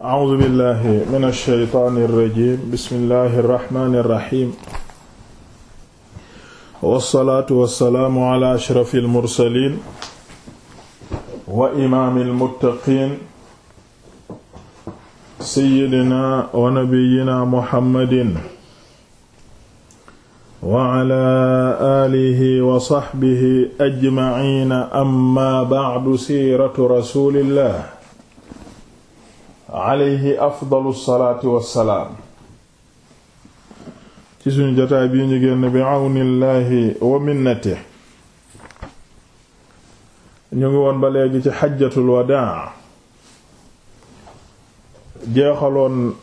a'uuzu billahi mina shaytaani rajiim bismillahi rahmaani rahiim. wasalaatu wasalaamu ala ashrafil mursaliin. wa imaamil muttaqiin. sayyidina wa nabiyyina muhammadin. wa ala aalihi wa saxbihi ajmaciina amma ba'du siiratu rasuulillah. alayhi afdalu salaati wassalaam ci suñu jotaay bii ñu génn bi àwnillaahi wa minnati ñu ngi woon ba léegi ci xajjatul wadaa jeexaloon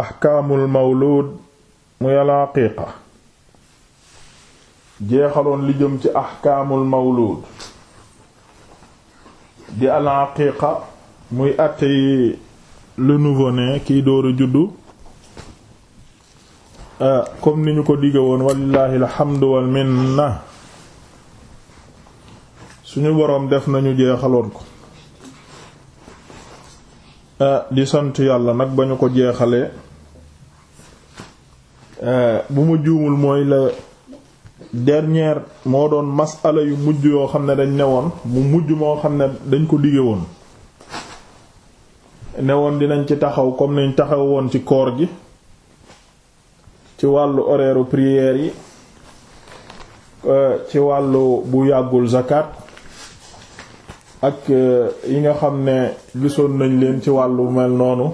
axkaamul mawluud muy al jeexaloon li jëm ci axkaamul mawluud di al aqiiqa muy àtte yi lu nouveau-né kiy door a juddu ah, comme ni ñu ko digge woon walillahi alhamdu wal minna suñu boroom def nañu jeexaloon ko ah, di sant yàlla nag ba ñu ko jeexalee ah, bu ma juumul mooy la dernière moo doon masala yu mujj yoo xam ne dañ ne woon mu mujj moo xam ne dañ ko digge woon ne woon dinañ ci taxaw comme niñ taxaw woon ci koor gi ci wàllu horaire prière yi euh, ci wàllu bu yàggul zakat ak euh, yi nga xam ne gisoon nañ leen ci wàllu mel noonu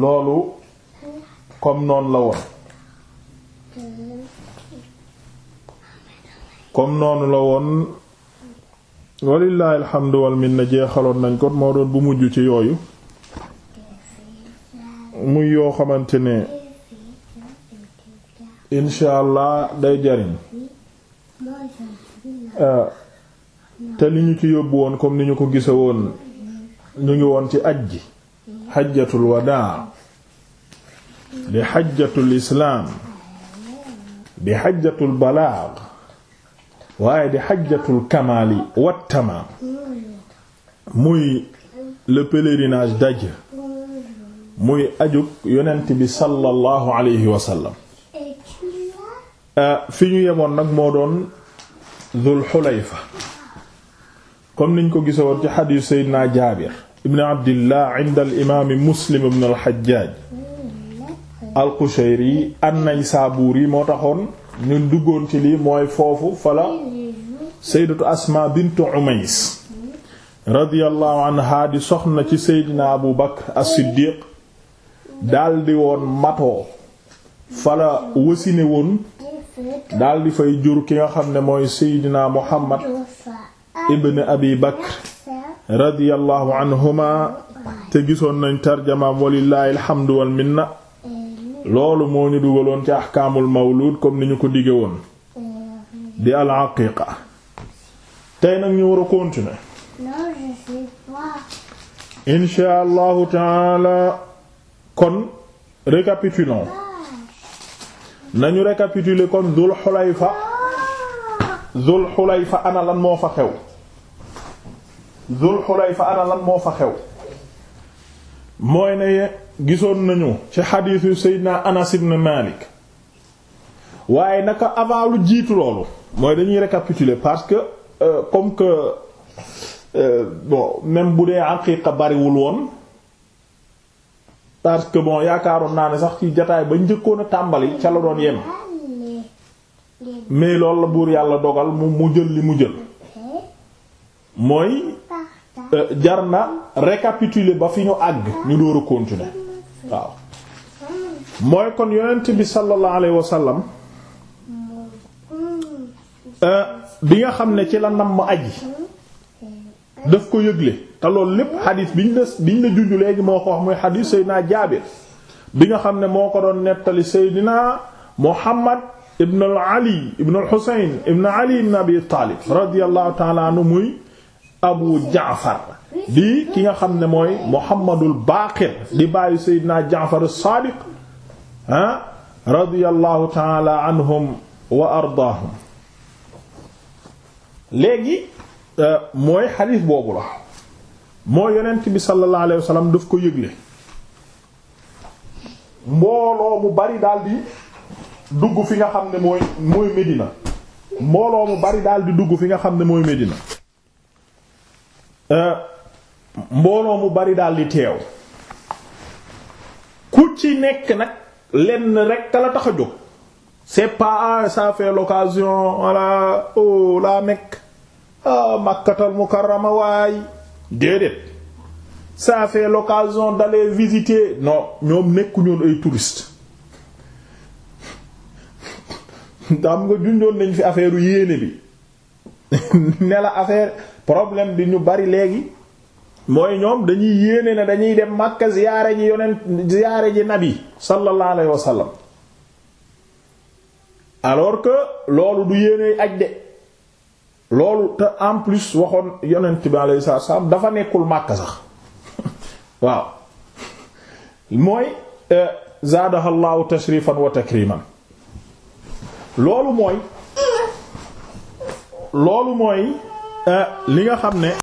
loolu comme noonu la woon comme noonu la woon walillahi alhamdu wal minna jeexaloon nañ ko moo doon bu mujj ci yooyu muy yoo xamante ne incha allah day jariñ ah, te li ñu ci yóbbu woon comme ni ñu ko gise woon ñu ngi woon ci aj ji xajjatul wadaa di xajjatul islaam di xajjatul balaag waaye di xajjatul kamaali wa tamaam muy le pèlerinage daj muy ajug yonent bi sallallahu alayhi wa sallam euh, fi ñu yemoon nag moo doon Dhul Hulayfa comme niñ ko gisoon ci xadiis Seydina Jaabir ibn Abdillah inda al Muslim ibn al Hajjaj al Qushayri moo taxoon ñun duggoon ci lii mooy foofu fala sayyidatu asma bintu umays radiyallahu anha di soxna ci seydina abu bakr as-siddiq daldi woon matoo fala wasine daldi fay jur ki nga xam ne mooy seydina muhammad ibn abi bakr radiyallahu anhuma te gisoon nañ tarjamaam walillahi alhamdu wal minna loolu moo ñu dugaloon ci ahkaamul mawlud comme ni ñu ko digge woon di al aqiqa tey nag ñu war a continuer insha allahu taala kon récapitulons nañu récapituler kon Dul Xulayfa Dul Xulayfa ana lan moo fa xew Dul Xulayfa ana lan moo fa xew mooy ne gisoon nañu ci xadiisu Seydina Anas ibn Malik waaye naka avant lu jiitu loolu mooy dañuy récapituler parce que euh, comme que euh, bon même bu dee aqiqa bariwul woon parce que bon yaakaaroon naa ne sax ci jataay ba njëkkoon a tàmbali ca la doon yem mais loolu la buur yàlla dogal mu mu jël li mu jël mooy euh, jar na récapituler ba fi ñu àgg ñu door a waaw mooy kon yonent bi sallallahu alayhi wa sallam euh, bi nga xam ne ci la namm aji daf ko yëgle te loolu lépp xadiis biñ la biñ la junj léegi moo ko wax muy xadiis Seydina Jaabir bi nga xam ne moo ko doon nettali Seydina Muhammad ibn Ali ibn al-Husayn ibn Ali ibn Abi Taalib radiyallahu ta'ala muy Abu Jaafar di ki nga xam ne mooy Muhammadul Baqir di bàyyi Seydina Jaafar as-Sadiq ah radiyallahu taala anhum wa ardaahum léegi euh, mooy xadiis boobu la moo yonent bi sallallahu alayhi wa daf ko yëgle mbooloo mu bari daldi dugg fi nga xam ne mooy mooy Medina mbooloo mu bari daldi dugg fi nga xam ne mooy Medina. Euh, mbooloo mu bari daal di teew ku ci nekk nag lenn rek la tax a jóg c'est pas ah, ça fait l'occasion voilà oh la Mecque ah Makkatal Mukarrama waay déedéet ça fait l'occasion d'aller visiter non ñoom nekkuñoon ay touristes daam nga junjoon nañ fi affaire yéene bi ne la affaire problème bi ñu bari léegi. mooy ñoom dañuy yéene ne dañuy dem Makka ziyaare ji yonent ziyaare ji nabi sallallahu alayhi wa sallam alors que loolu du yéene aj de loolu te en plus waxoon yonent bi alayhi salaam dafa nekkul Makka sax waaw mooy euh, zaadahallahu tashrifan wa takriman loolu mooy loolu mooy euh, li nga xam ne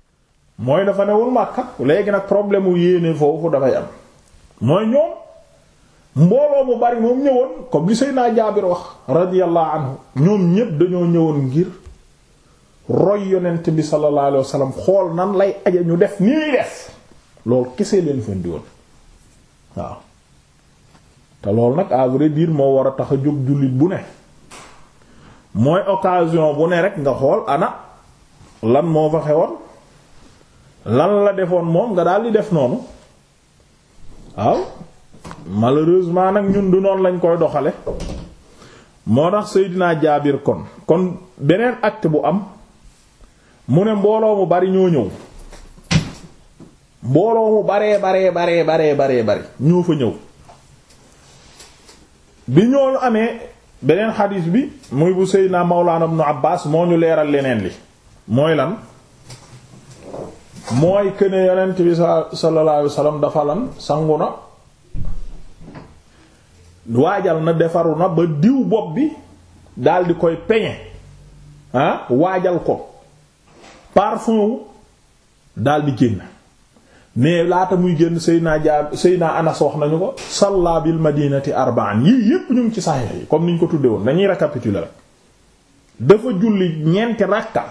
mooy dafa newul Makka léegi nag problème mu yéene foofu dafay am mooy ñoom mbooloo mu bari moom ñëwoon comme li Seydina Jaabir wax radiyallahu anhu ñoom ñépp dañoo ñëwoon ngir roy yonent bi sallallahu alayhi wasallam xool nan lay aja ñu def nii ñuy def loolu kese leen fa ndiwoon waaw te loolu nag à vrai moo war a tax a jóg jullit bu ne mooy occasion bu ne rek nga xool ana lan moo fa xewoon lan la defoon moom nga daal di def noonu waaw malheureusement nag ñun du noon lañ koy doxale moo tax Seydina Jaabir kon kon beneen act bu am mu ne mbooloo mu bari ñoo ñëw mbooloo mu baree baree baree baree bari ñoo fa ñëw bi ñoo amee beneen xadiis bi muy bu Seydina Mawlaana Ibnu Abbaas moo ñu leeral leneen li mooy lan mooy këne yonent bi sallallahu alayhi wasallam dafa lan sangu na waajal na defaru na ba diw bopp bi daldi koy peñe ah waajal ko parfum wu daldi génn mais laata muy génn Seydina Jaab naa Anas wax nañu ko salla bil madinati arba'an yii yépp ñu ngi ci saxiix yi comme ni ñu ko tudde woon nañuy dañuy récapituler rek dafa julli ñeenti ràkka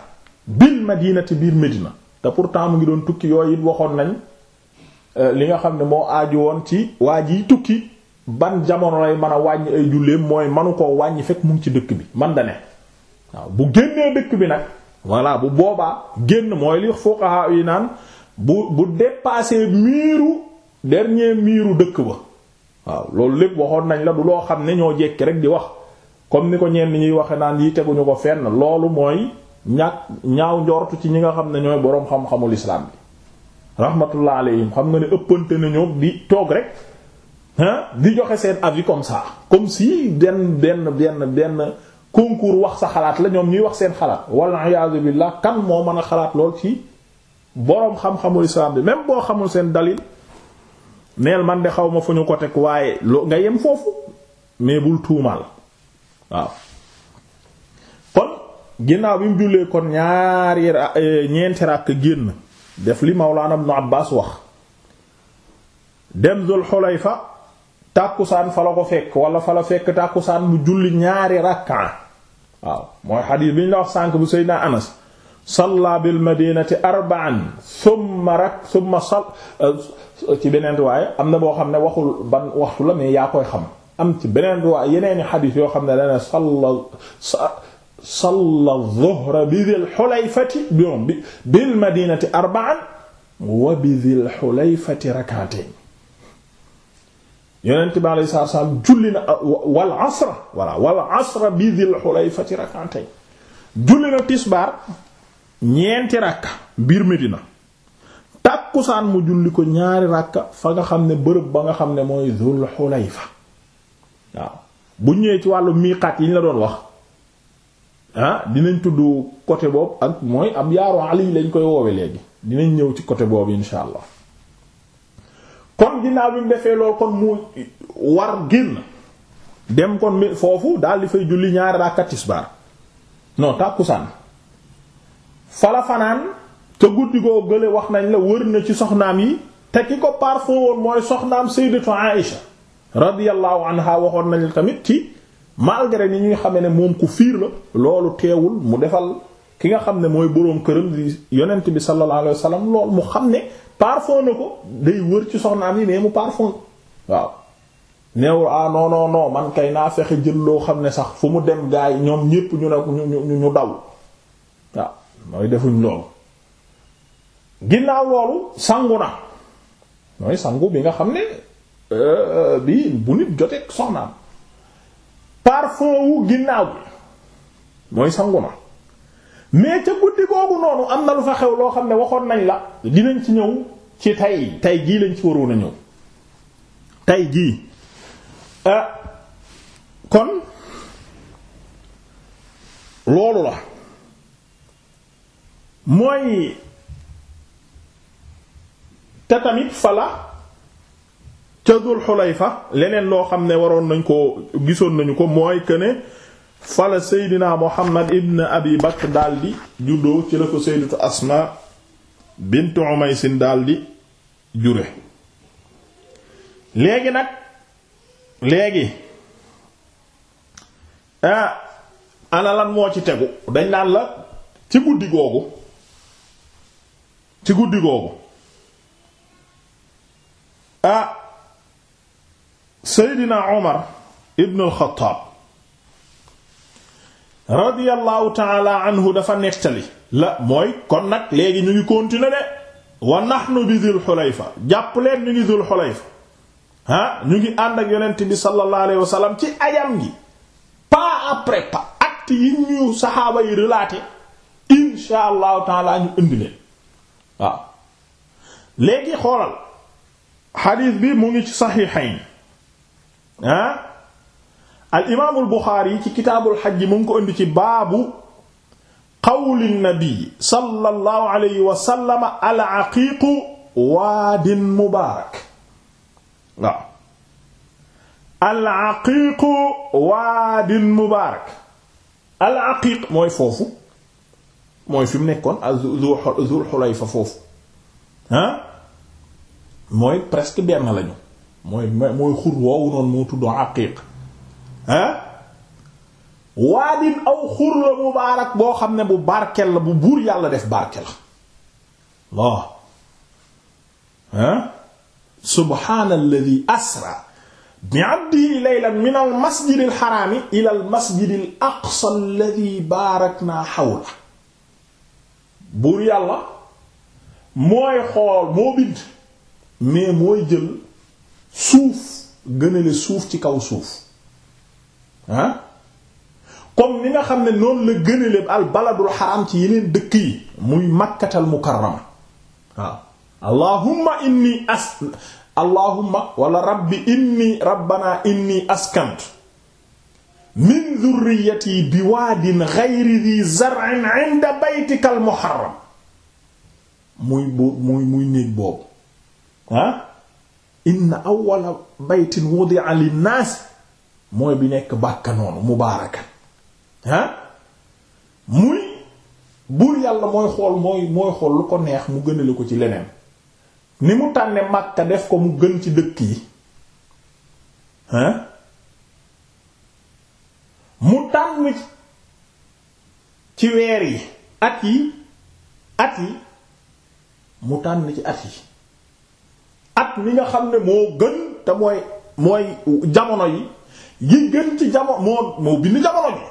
bil madinati biir Medina te pourtant mu ngi doon tukki yooyu it waxoon nañ euh, li nga xam ne moo aaju woon ci waa jiy tukki ban jamono lay mën a wàññ ay julleem mooy manu koo wàññi fekk mu ci dëkk bi man dane waaw bu génnee dëkk bi nag voilà bu boobaa génn mooy li fuqaha yi naan bu bu dépassé miiru dernier miiru dëkk ba waaw loolu lépp waxoon nañ la du loo xam ne ñoo jekki rek di wax comme ni ko ñenn ñuy waxe naan yi teguñu ko fenn loolu mooy ñàkk ñaaw njortu ci ñi nga xam ne ñooy boroom xam-xamul islam bi rahmatullah xam nga ne ëppante na ñoom di toog rek di joxe seen avis comme ça comme si benn benn benn benn concours wax sa xalaat la ñoom ñuy wax seen xalaat walla iyaazu billah kan moo mën a xalaat lool ci boroom xam-xamul islam bi même boo xamul seen dalil neel man de xaw ma fu ñu ko teg waaye loo nga yem foofu mais bul tuumaal waaw. ginnaaw bi mu jullee kon ñaari eh, ñeenti ràkk génn def li Mawlaana Ibnu Abbaas wax dem Dul Xulayfa tàkkusaan fa la ko fekk wala fa la fekk tàkkusaan mu julli ñaari ràkkaa waaw mooy xadiis bi ñu la wax sànk bu Seydina Anas salla bil madinati arba'an summa rak summa sal eh, ci beneen riwaaya am na boo xam ne waxul ban waxtu la mais yaa koy xam am ci beneen riwaaya yeneeni xadiis yoo xam ne dana salla salla dhuhra bi dhil hulayfati um, bi bil madinati arba'an wa bi dhil hulayfati rak'atayn yonent bi alayhi salaatu salaam julli na wal asra wala wal asra na tisbaar ñeenti rakka biir Medina tàkkusaan mu julli ko ñaari rakka fa nga xam ne bërëb ba nga xam ne mooy dhul hulayfa waaw bu ñëwee ci wàllu miiqaat yi ñu la doon wax ah dinañ tudd côté boobu ak mooy ab yaaru ali lañ koy woowe léegi dinañ ñëw ci côté boobu insha allah kon ginnaaw bi mu defee lool kon mu war génn dem kon mi foofu daal di fay julli ñaari ràkka tisbaar non tàkkusaan fala fanaan te guddi goo gële wax nañ la wër na ci soxnaam yi te ki ko parfum woon mooy soxnaam sayyidatu Aïsha radiyallahu anha waxoon nañ la tamit ci malgré ni ñuy xamee ne moom ku fiir la loolu teewul mu defal ki nga xam ne mooy boroom këram di yonent bi sallallahu alayhi lool mu xam ne parfum na ko day wër ci soxnaam yi mais mu parfum waaw neewul ah non non non man kay naa fexe jël loo xam ne sax fu mu dem gaay ñoom ñépp ñu ne ñu daw waaw mooy defuñ loolu ginnaaw loolu sangu na mooy sangu bi nga xam ne euh, euh, bi bu nit joteeg soxnaam parfum wu ginnaaw bi mooy sangu ma mais ca guddi googu noonu am na lu fa xew loo xam ne waxoon nañ la dinañ ci ñëw ci tey tey jii lañ ci waroon a ñëw tey jii euh, kon loolu la mooy te tamit fala ca Dul fa leneen loo xam ne waroon nañ ko gisoon nañu ko mooy que ne fala Seydina Muhammad ibn Abi Bakr daldi juddoo ci la ko Sayyidatu Asma bint Umaysin daldi jure léegi nag léegi ah ana moo ci tegu dañ laal la ci guddi googu ci guddi googu ah Seydina Omar ibn al-Khattab radiyallahu dafa nettali la mooy kon nag léegi ñu ngi continuer de wa bi Dhul Hulayfa jàpp leen ñu ngi Dhul Hulayfa ah ñu ngi ànd ak yonent bi sallallahu alayhi wa ci ajam gi pas après pas acte yi ñu saxaaba yi relaté insha allahu taala ñu indi leen waaw léegi xoolal xadiis bi mu ngi ci saxiixayn ah al imaamul Buxaari yi ci kitaabul xaj mu ngi ko indi ci baabu qawli nabi sallallahu alayhi wa sallam al aqiiqu waadin mubaarak waaw al aqiiqu waadin mubaarak al aqiiq mooy foofu mooy fi mu nekkoon ak Zul Xulayfa foofu ah mooy presque benn lañu. mooy mooy xur woowu noonu moo tudd aqiq ah waadin aw xur la mubaarak boo xam ne bu barkel la bu buur yàlla def barke la waaw ah subhaanalladhi asra bi abdihi laylan min al masjid ila al masjid al buur yàlla mooy xool moo bind mais mooy jël suuf gënale suuf ci kaw suuf ah comme ni nga xam ne noonu la gënale al baladul ci yeneen dëkk yi muy makkatal mukarrama waaw allahumma inni as allahumma wala rabbi inni rabbana inni askant min dhurriyyati biwaadin ghayri dhi zar'in 'inda baytikal muharram muy boobu muy muy néeg boobu ah inna awwala baytin wudi'a linnaas mooy bi nekk bàkka noonu mubaarakan ah muy buur yàlla mooy xool mooy mooy xool lu ko neex mu gënale ko ci leneen ni mu tànne Makka def ko mu gën ci dëkk yi ah mu tànn ci weer yi at yi at yi mu tànn ci at yi at mi nga xam ne moo gën te mooy mooy jamono yi yi gën ci jamono moo moo bind jamono ji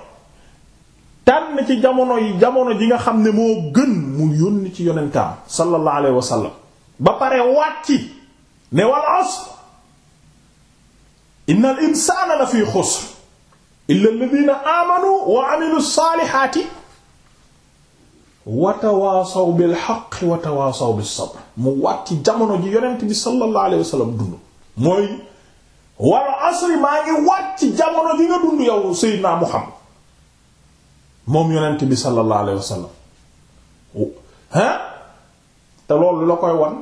tànn ci jamono yi jamono ji nga xam ne moo gën mu yónni ci yonentaam sallallahu alayhi wa sallam ba pare wàcci ne wal asr inna al insana la fi xusr illa alladhina amanu wa amilu salihati watawaasaw bil xaq watawaasaw bis sabr mu waat ci jamono ji yonent bi sallallahu alayhi wa dund mooy wal asri maa ngi waat jamono ji nga dund yow Seydina Muhammad moom yonent bi sallallahu alayhi wa sallam ah te loolu la koy wan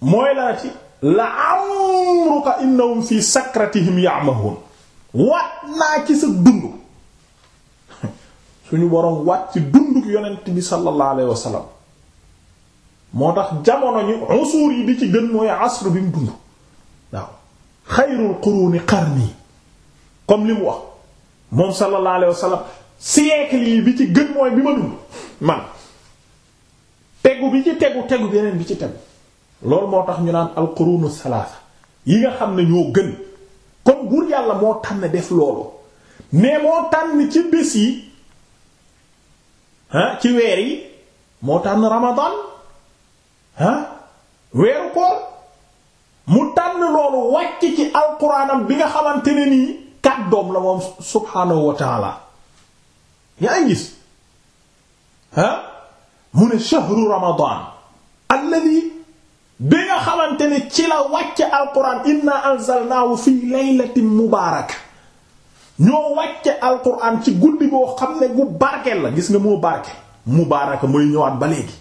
mooy laa ci la amruka innahum fi sakratihim ya'mahun waat naa ci sa dund suñu boroom waat ci dunduk yonent bi sallallahu alayhi wa sallam moo tax jamono ñi usuur yi bi ci gën mooy asr bi mu dund waaw xayrul quruni comme li mu wax moom sallallahu alayhi wa sallam bi ci gën bi ma dund man tegu bi ci tegu tegu beneen bi ci tegu loolu moo tax ñu naan al qurunu salaasa yi nga xam ne ñoo gën kon buur yàlla moo tànn def loolu mais moo tànn ci bés yi ah ci weer yi moo tànn Ramadan ah weeru koor mu tànn loolu wàcc ci alquranam bi nga xamante ne nii kàddoom la moom subhaanahu wa taala yaa ngi gis mu ne shahru Ramadan alladhi bi nga xamante ne ci la wàcc alquran inna anzalnaahu fi laylatin mubaaraka ñoo wàcce alquran ci guddi boo xam ne gu barkeel la gis nga moo barke mubaaraka mooy ñëwaat ba léegi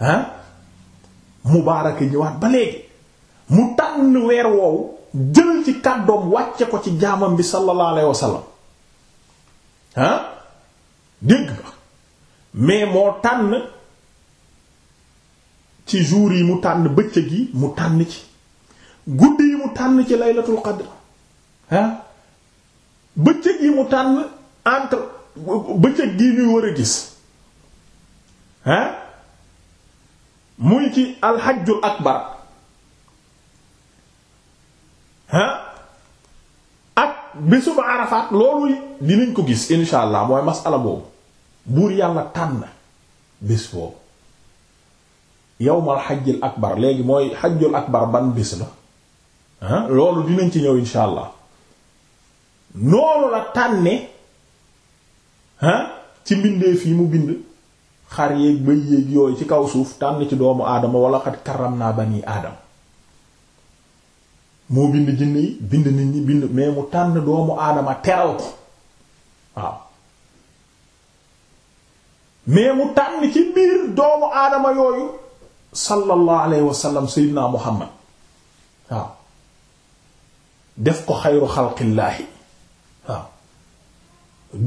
ah mubaaraka ñëwaat ba léegi mu tànn weer woowu jël ci kàddoom wàcce ko ci jaamam bi sallallahu alayhi wasallam ah dégg mais moo tànn ci jour yi mu tànn bëccëg yi mu tànn ci guddi yi mu tànn ci laylatul qadr bëccëg yi mu tànn entre bëccëg gi ñuy war a gis hein muy ci alxajjul akbar hein ak bésub arafaat loolu dinañ ko gis insha allah mooy masala boobu buur yàlla tànn bés boobu yowmal xajjul akbar léegi mooy xajjul akbar ban bés la hein loolu dinañ ci ñëw insha allah noonu la tànne ah ci mbindeef yi mu bind xar yéeg bay yéeg yooyu ci kaw suuf tànn ci doomu aadama wala xat karam naa bani aadama moo bind jinne yi bind nit ñi bind mais mu tànn doomu aadama teral ko waaw mais mu tànn ci biir doomu aadama yooyu sallallahu alayhi wa sallam sayyidina muhammad waaw def ko xayru xalqillaahi waaw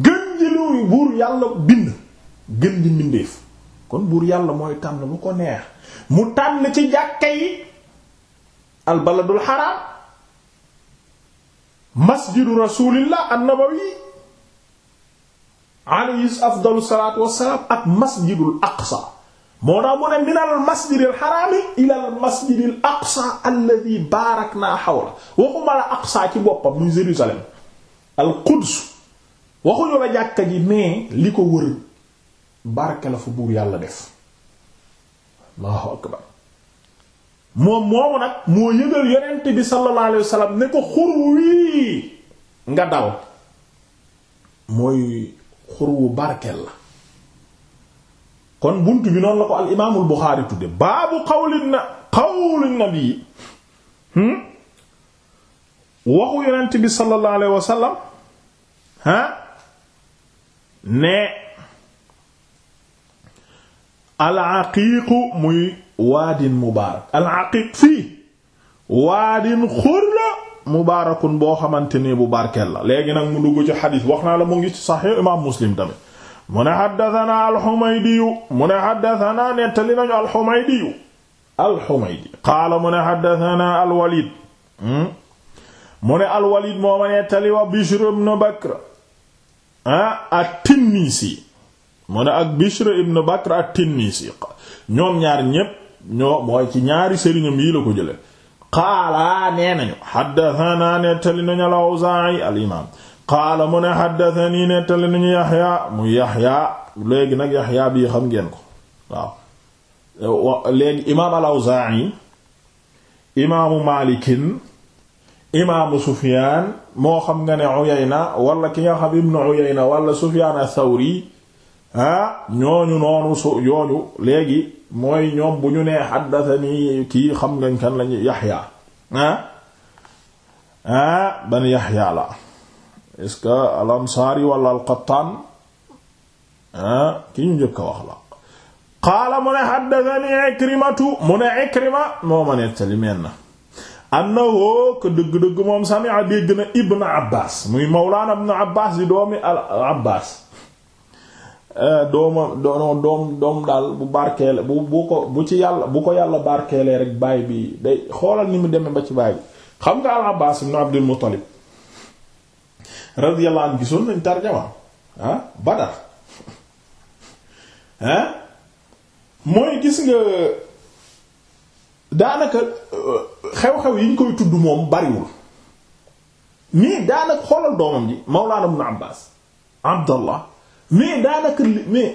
gën ji lu buur yàlla bind gën ji mbindeef kon buur yàlla mooy tànn bu ko neex mu tànn ci jàkka yi al baladul haram masjidu rasulillah an-nabawi alayhi afdalu salaatu wassalaam ak masjidul aqsa moo tax mu ne min al masjid al xaraami ila al masjid al aqsa alladi baarakna xawla waxuma la aqsa ci boppam muy Jérusalem alquds waxuñu la jàkka ji mais li ko wër barke la fa buur yàlla def allahu akbar moom moomu nag moo yëgal yonent bi sallallahu alayhi ne ko xur wii nga dal mooy xur wu la kon bunt bi noonu la ko al imaamul Buxaari tudde baabu qawli na qawli nabi hmm? waxu yonent bi sallallahu alayhi ah ne alaqiiqu muy waadin mubaarak alaqiiq fii waadin xur la mubaarakun boo xamante ni bu barkeel la léegi nag mu dugg ci xadis wax naa la mu ngi ci saxiix imaam muslim tamit mu ne xaddatanaa alxumaydiyu mu ne xaddatanaa nettali nañu alxumaydiyu mu ne xaddatanaa alwalid hmm? mu ne alwalid wa bishr ibn bakr a at-Tinnisi mu ne ak Bishr ibn Bakr at-Tinnisi ñoom ñaar ñépp ñoo mooy ci ñaari sëriñam yi la ko jële qaala nee nañu xaddatanaa nettali nañu al-Awzaa'i al-imaam qaala mu ne xaddatanii nettali nañu Yaxya muy Yaxya léegi nag Yaxya bii xam ngeen ko waaw léegi imaam al-Awzaa'i imaamu Maalikin imaamu Sufyaan moo xam nga ne Uyayna wala ki nga xam ibnu Uyayna wala Sufyaan as-Sawri ah ñooñu noonu su yooñu léegi mooy ñoom bu ñu nee xaddathani kii xam ngañ kan lañu Yaxya ah ah ban Yaxya la est-ce que al-Ansaari wala al ki ñu njëkk a wax la qaala mu ne xaddathani Ikrimatu mu ne Ikrima moo ma nettali meen na annahu ko dëgg-dëgg moom sami'a dégg na ibn abbas muy mawlaana ibn abbas di doomi al abbas eh, dooma doom doom daal bu barkeele bu bu ko bu ci yàlla bu ko yàlla barkeelee rek baay bi day xoolal ni mu demee ba ci baay bi xam nga al abbas ibn abdul muttalib radiyallahu anhu gisoon nañ tarjama ah badar eh? mooy gis nga daanaka euh, xew-xew yi ñu koy tudd moom bariwul mais daanaka xoolal doomam ji Mawlana Ibn Abbas Abdallah mais daanaka li mais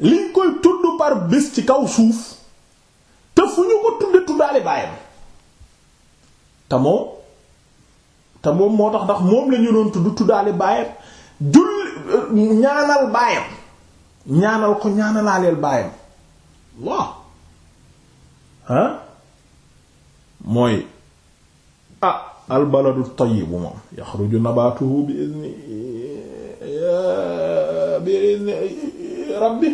liñ koy tudd par bés ci kaw suuf te fu ñu ko tudde tuddaale baayam te moom moo tax ndax moom la ñu doon tudd tuddaale baayam jul euh, ñaanal baayam ñaanal ko ñaanalaaleel baayam waaw ah mooy ah albaladu tayyibu moom yaxruju nabaatuhu bi izni bi izni rabbi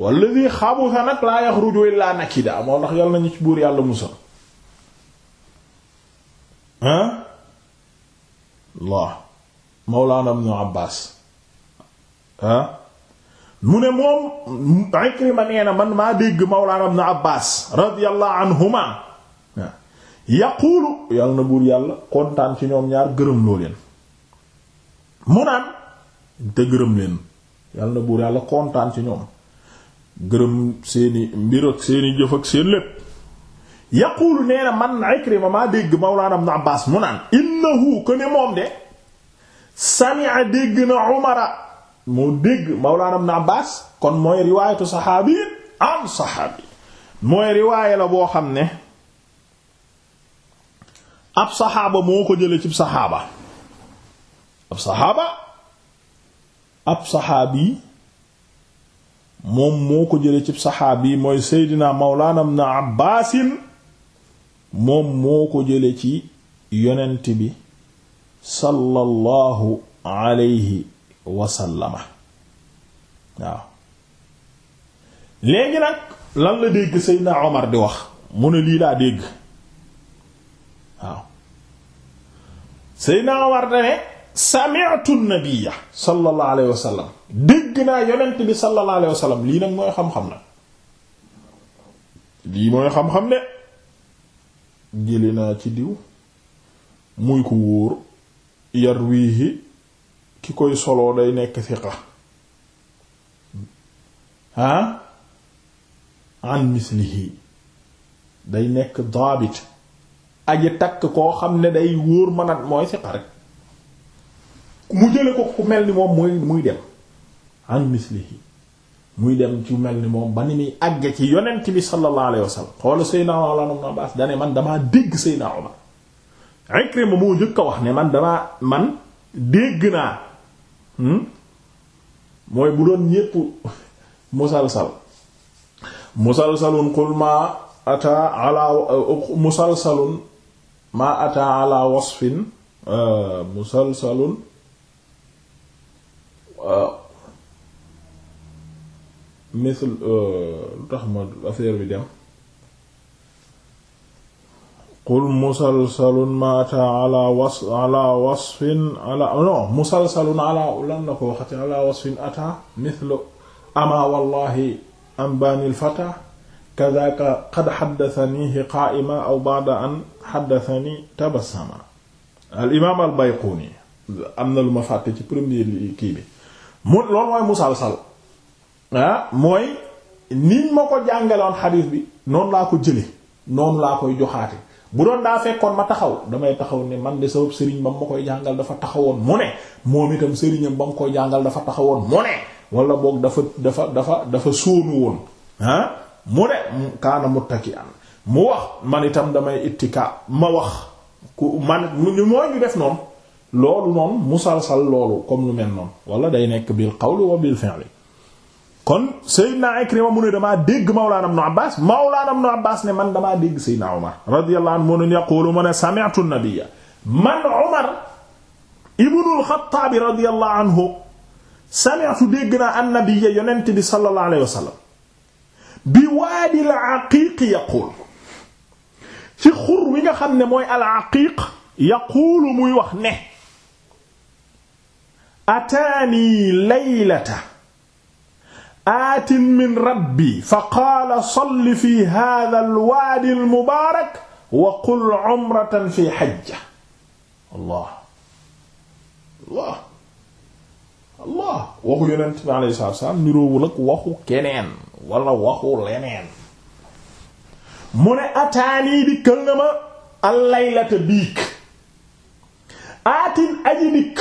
walladi xabusa nag laa yaxruju illaa nakida moo tax yàlla nañu ci buur yàlla musal ah Allah mawlaana ibnu Abbaas ah mu ne moom Ikrima nee na man maa dégg Mawlana Ibn Abbas radiyallahu anhuma yaquulu yàlla na buur yàlla kontaan ci ñoom ñaar gërëm loo leen mu naan te gërëm leen yàlla na buur yàlla kontaan ci ñoom gërëm seeni mbir ak seeni jëf ak seen lépp yaquulu nee na man Ikrima maa dégg Mawlana Ibn Abbas mu naan innahu ko ne moom de sami'a dégg na Umara mu dégg Mawlana Ibn Abbas kon mooy riwaayatu la boo xam ne ab saxaaba moo ko jëlee cib saxaaba ab saxaaba ab saxaabi moom moo ko jëlee cib saxaabi mooy Seydina Mawlana Ibn Abbas moom moo ko jëlee ci yonent bi sallallahu alayhi. wasallama waaw léegi nag lan la dégg Seydina Omar di wax mu ne lii laa dégg waaw Seydina Omar dane sami'tu an-nabiyya sallallahu alayhi wa dégg naa yonent bi sallallahu alayhi wa lii nag mooy xam-xam nag lii mooy xam-xam de jëli naa ci diw muy ko wóor yarwihi ki koy soloo day nekk siqa ah an mislihi day nekk daabit aji takk koo xam ne day wóor mën a mooy siqa rek mu jële ko ku mel ni moom muy muy dem an mislihi muy dem ci mel ni moom ba ni muy àgge ci yonent bi sallallahu alayhi wasallam xoola Seydina Omar ibn Abbas dane man damaa dégg Seydina Omar Ikrima moo jëkk a wax ne man damaa man dégg naa Hmm? mooy bu doon ñépp musalsal musalsalun qul ma ata ala musalsalun ma ata ala wasfin euh, musalsalun euh, mithl euh, lu tax ma affaire bi dem qul musalsalun ma ata ala was ala wasfin lan la ko waxati ala wasfin ata na lu ma fàtte ci premier kii bi mu loolu mooy niñ ma ko jàngaloon xadiis bi noonu laa ko jële noonu laa koy joxaate bu doon daa fekkoon ma taxaw damay taxaw ne man de sabab sëriñ ba ma koy jàngal dafa taxawoon mu ne moom itam sëriñam ba ma koy jàngal dafa taxawoon mu ne wala boog dafa dafa dafa dafa sóonu woon ah mu ne kaana muttaki an mu wax man itam damay ittika ma wax ku man ñu mooy ñu def noonu loolu noonu musalsal loolu comme lu mel noonu wala day nekk bil qawli wa bil fi'li kon Seydina Ikrima mu ne damaa dégg Mawlaana Ibnu Abbaas Mawlaana Ibnu Abbaas ne man damaa dégg Seydina Omar radiyallahu anhu mu ne yaqulu mu ne sami'tu nabiyya man Omar ibnul Xattaab radiyallahu anhu sami'tu dégg naa annabiyya yonent bi sallallahu alayhi wa sallam bi waadil aqiiq yaqul ci xur wi nga xam ne mooy al aqiiq yaqulu muy wax ne ataani laylata aatin min rabbi fa qaala salli fi hada alwaadi almubaarak wa qul umratan fi hajja allah allah allah waxu yonent bi alayhi salaatu wasalaam niroowul ak waxu keneen wala waxu leneen mu ne ataanii di kël na ma allaylata biig aatin aji dikk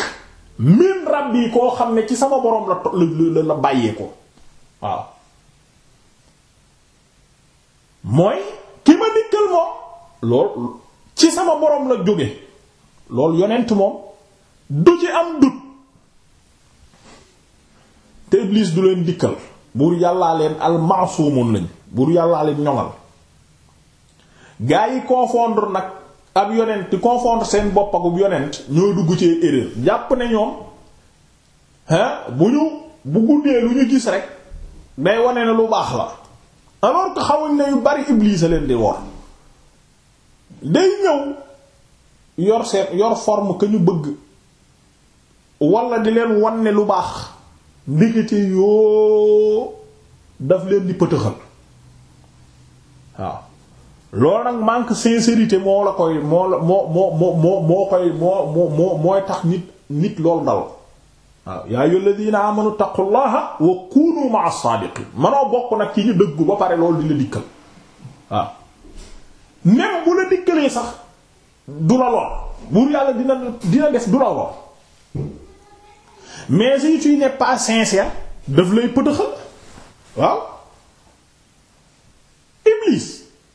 min rabbi koo xam ne ci sama boroom la la bàyyee ko waaw mooy ki ma dikkal moom lool ci sama boroom la jóge loolu yonent moom du ci am dut te Iblis du leen dikkal buur yàllaa leen almaasuumoon lañ buur yàllaa leen ñoŋal gaa yi confondre nag ab yonent confondre seen bopp ak yonent ñoo dugg ci erreur jàpp ne ñoom hein bu ñu bu guddee lu ñu gis rek day wane na lu baax la alors que xamuñ ne yu bari Iblis a leen di wor day ñëw yor seen yor forme que ñu bëgg wala di leen wan ne lu baax ndekete yoo daf leen di pëtëxal waaw loolu nag manque sincérité moo la koy moo la moo moo moo moo koy moo moo mooy tax nit nit loolu dal. waaw yaa ayyuha alladhina amanu taqullaha wa kunu ma sadiqin manoo bokk nag ci ñu dëggu ba pare loolu di la dikkal waaw même bu la dikkalee sax du la lool buur yàlla dina dina def du la lool mais si tu n'es daf lay pëtëxal waaw iblis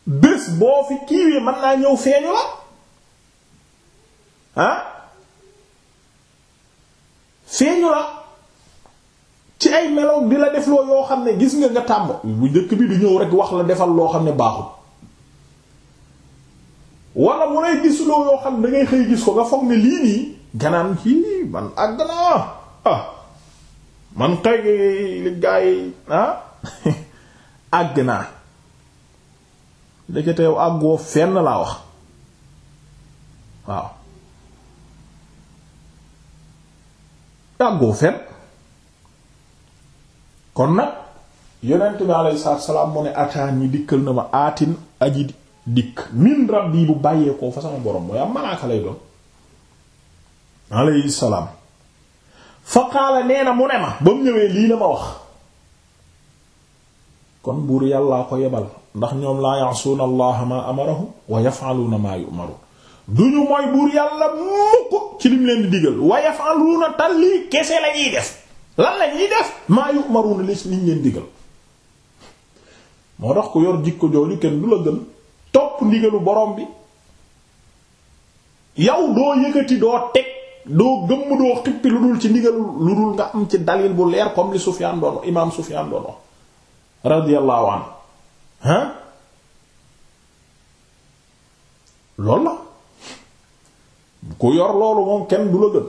bés boo fi kiiwee mën naa ñëw feeñu la ah feeñu la ci ay meloog di la def loo yoo xam ne gis nga nga tàmm bu njëkk bi du ñëw rek wax la defal loo xam ne baaxul wala mu lay gis loo yoo xam ne da xëy gis ko nga foog ne lii nii ganaan kii man àgg naa ah man xëy li ah àgg naa ndekete àggoo fenn laa wax waaw tàggoo fen kon nag yonent bi alayhi salaam mu ne ataan yi dikkal na ma aatin aji dikk min rabbi bu bàyyeekoo fa sama borom mooy am malaaka lay doon alayhi salaam fa qaala nee na mu ne ma ba ñëwee lii la ma wax kon buur yàllaa ko yebal ndax ñoom laa ya'suuna allaha ma amarahum wa yaf'aluuna ma yu'maruun duñu mooy buur yàlla mukk ci lim leen di digal wa yaf'aluuna tal lii kese la ñuy def lan la def maa yu'maruuna li liñ leen digal moo tax ku yor jikko jooju kenn du la gën topp ndigalu borom bi yow doo yëkkati doo teg doo gëmm doo xippi lu dul ci ndigalu lu dul nga am ci dalil bu leer comme li Sufyaan doon imaam Sufyaan doon radiyallahu anhu ha loolu la ku yor loolu moom kenn du la gën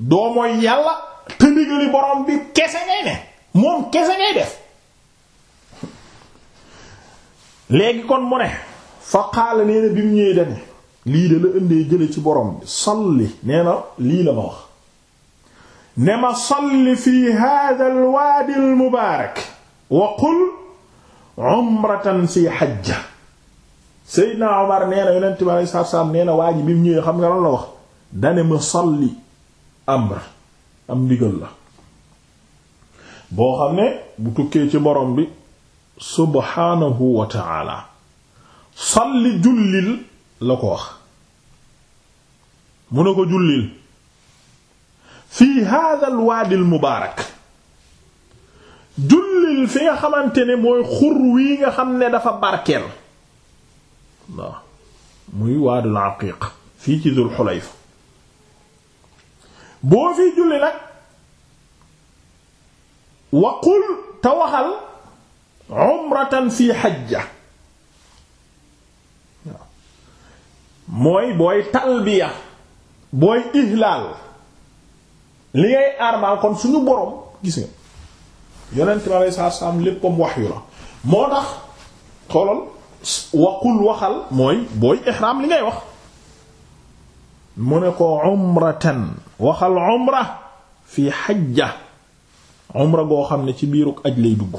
doo mooy yàlla te ndigali borom bi kese ngay ne moom kese ngay def léegi kon mu ne fa xaala nee na bi mu ñëwee dane lii de la indee jële ci borom bi salli nee na lii la ma wax ne ma salli fi hada al waadi al mubaarak wa qul umratan fi hajja Seydina Omar nee na yonent bi alayhi bi mu ñëwee xam nga lan la wax dane ma salli amr am ndigal la boo xam ne bu tukkee ci borom bi subhaanahu wa ta'ala jullil la ko wax mu ne ko jullil fii hadha al waadi mubaarak jullil fi nga xamante ne mooy xur wi nga xam ne dafa barkeel waaw muy waadul aqiq fii ci Dul Xulayfa boo fi julli nag waqul te waxal mooy booy talbiya booy ihlaal li ngay armaal kon suñu boroom gis nga yonent bi aleyhi léppam wahyu la moo tax xoolal waqul waxal mooy booy ihraam li ngay wax mu ne ko umratan waxal umra fii xajja umra goo xam ne ci biirug aj lay dugg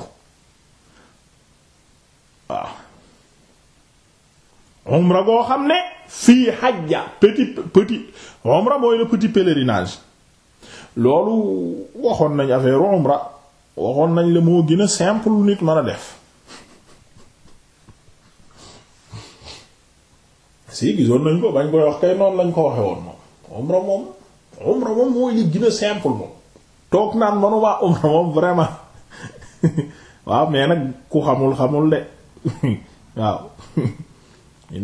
waaw umra goo xam ne fii xajja petit petit umra mooy le petit pèlerinage loolu waxoon nañ affaire umra waxoon nañ la moo gën a simple nit mën a def si gisoon nañ ko bañ koy wax kay noonu lañ ko waxe woon moom umra moom umra moom mooy li gën simple moom toog naan manuma umra moom vraiment waaw mais nag ku xamul xamul de waaw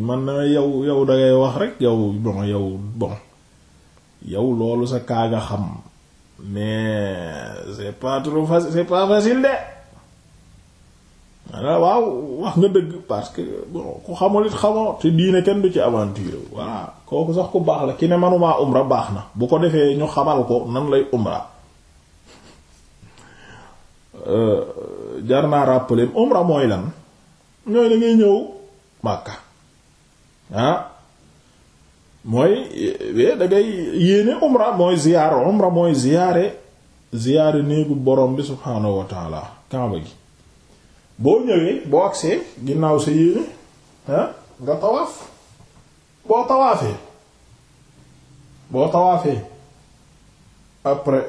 man na yow yow dangay wax rek yow bon yow bon yow loolu sa kaa nga xam mais c'est pas trop facile c'est pas facile de waaw wax nga dëgg parce que bon ku xamul xamoo te diine kenn du ci aventure voilà kooku sax ku baax la ki ne manumaa umra baax na bu ko defee ñu xamal ko nan lay umra euh, jar naa rappeler umra mooy lan ñooy da ngay ñëw Makka ah mooy eh, eh, da ngay yéene umra mooy ziyaar umra mooy ziyaare ziyaare néegu borom bi subhaanahu wa taala gi boo ñëwee boo aksee ginnaaw sa yéene ah, nga tawaaf boo tawaafee boo tawaafee après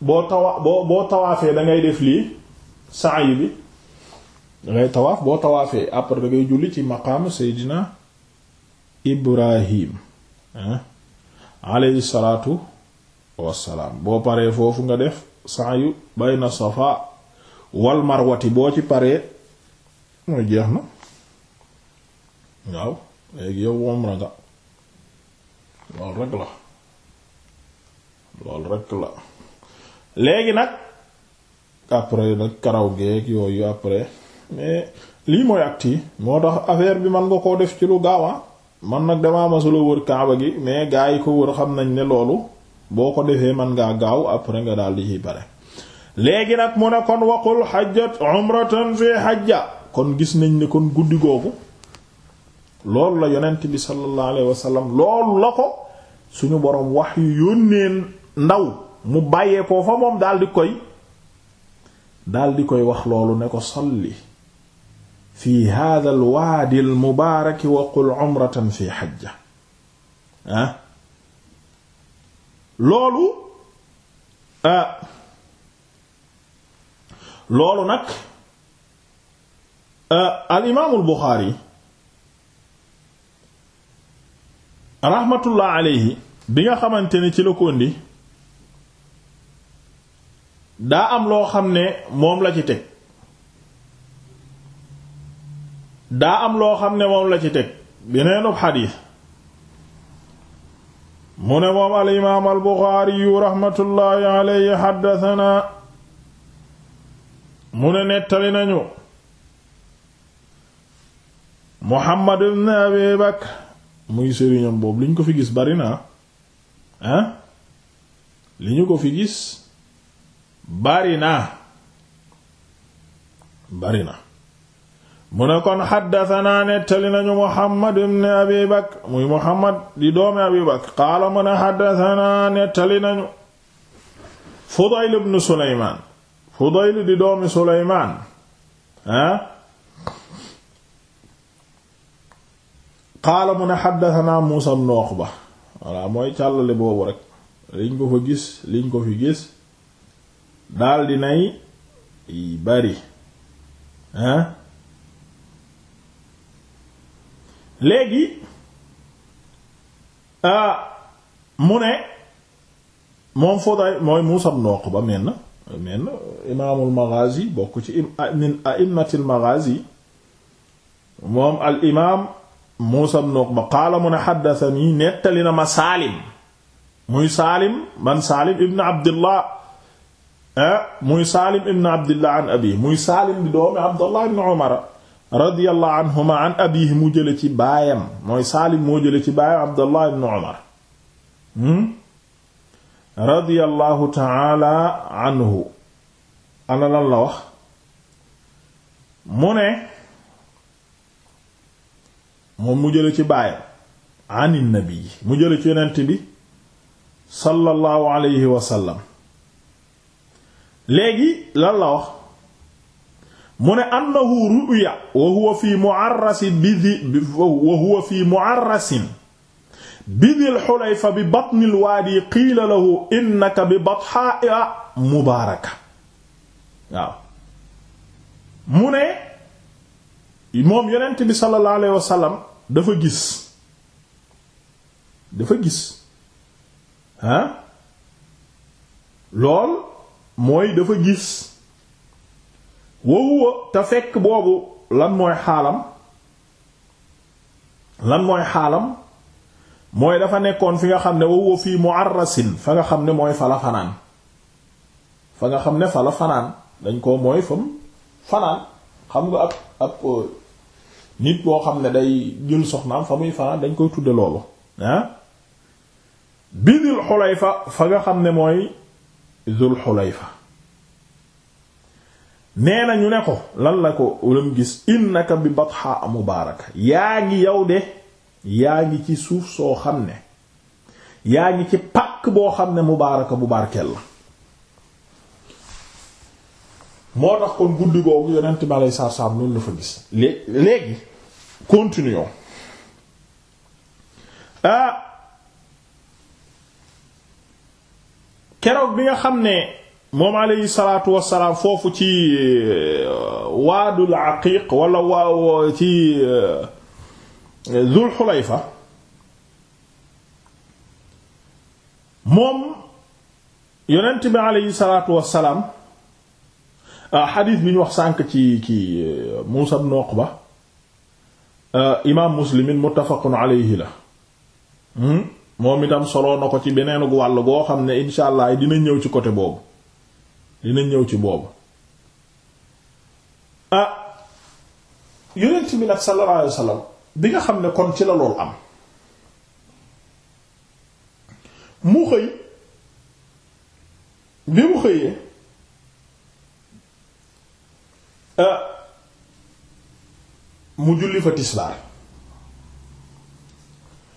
boo tawa boo boo tawaafee da ngay def lii sa'i bi dangay ngay boo tawaafee après da ngay julli ci maqaam Seydina Ibrahim ah alayhi salaatu wassalaam boo paree foofu nga def sa'yu bayna safa wal marwati boo ci paree mooy jeex na waaw léegi yow umra nga loolu rek la loolu rek la léegi nag après nag karaw geeg yooyu après mais lii mooy acti moo tax affaire bi man nga koo def ci lu gaawa ah. man nag damaa masula wër kaaba gi mais gaa yi ko wër xam nañ ne loolu boo ko defee man ngaa gaaw après nga daal di ciy pare léegi nag mu ne kon waqul xajjat umratan fi xajja kon gis nañ ne kon guddi googu loolu la yonent bi sallallahu alayhi wasallam loolu la ko suñu boroom wax yu yónnee ndaw mu bàyyee fa moom dal di koy daal di koy wax loolu ne ko salli fi hadha al waadi al mubaaraki waqul umratan fi xajja ah loolu euh, loolu nag euh, al imaamul Buxaari raxmatullah alayhi bi nga xamante ne ci la ko indi daa am loo xam ne moom la ci teg daa am loo xam ne moom la ci teg beneenub xadiis mu ne moom al al buxaariyu raxmatullaahi alayhi xaddasanaa mu ne nettali nañu muhammad ibn abi muy sëriñam boobu li ñu ko fi gis bari na ah li ñu ko fi gis bari na bari na mu ne kon xaddatanaa nettali nañu muhammad ibni abi bakr muy muhammad di doomi abi qaala mu ne xaddatanaa nettali nañu fudayl ibn suleymaan fudayl di doomi suleymaan ah qaala mu ne xaddatanaa muusa ibn uqba walla mooy càllale boobu rek liñ ko fa gis liñ ko fi gis daldi nay bari ah léegi euh, mu ne moom Fuday mooy Muusaa ibn Uqba menn menn imaamul Maghaazi bokk ci min a'immatil Maghaazi moom al imaam Muusaa ibn Uqba qaala mu ne haddathanii nettali na ma Saalim muy Saalim man Saalim ibn Abdillah eh, muy Saalim ibn Abdillah an abi muy Saalim di doomi Abdullah ibn Umar radiyallahu anhuma abihi mu jële ci baayam mooy saalim moo jële ci baayam abdullah ibn umar hmm? radiyallahu taala ana lan la wax mu ne moom mu jële ci baayam anin nabi mu jële ci yonent bi sallallahu alayhi wa léegi lan la wax mu ne annahu ru'ya wa huwa fi mu'arrasin bi wa huwa fi mu'arrasin bi dhil hulayfa bi batnil waadi qiila lahu innaka bi bathaa mubaaraka waaw mu ne moom yonent bi sallallahu alayhi wa dafa gis dafa gis lool mooy dafa gis wowuwa te fekk boobu lan mooy xaalam lan mooy xaalam mooy dafa nekkoon fi nga xam ne wowuwa fii mu'arrasin fa nga xam ne mooy fala fanaan fa nga xam ne fala fanaan dañ ko mooy fam fanaan xam nga ab ab euh, nit boo xam ne day jël soxnaam fa muy fanaan dañ koy tudde loolu ah? bi dul xulayfa fa nga xam ne mooy dul fa nee na ñu ne ko lan la ko lam gis innaka bi batha mubaaraka yaa ngi yow de yaa ngi ci suuf soo xam ne yaa ngi ci pàkk boo xam ne mubaaraka bu baar barkeel la moo tax kon guddi googu yonent bi aleyhi salaatu salaam loolu la fa gis léegi continuons ah keroog bi nga xam ne moom alayhi salaatu wassalaam foofu ci euh, waadul aqiiq wala waaw ci euh, Zul Xulayfa moom yonent bi alayhi salaatu wassalaam euh, xadiis bi ñu wax sànq ci ci Muusaa ibn Uqba imaam Muslim muttafaqun alayhi la hmm? moom itam soloo na ko ci beneen wàll goo xam ne insha allah dina ñëw ci côté boobu dina ñëw ci boobu ah yonent bi nag sallallahu bi nga xam ne kon ci la lool am mu xëy bi mu xëyee ah, mu julli fa tisbaar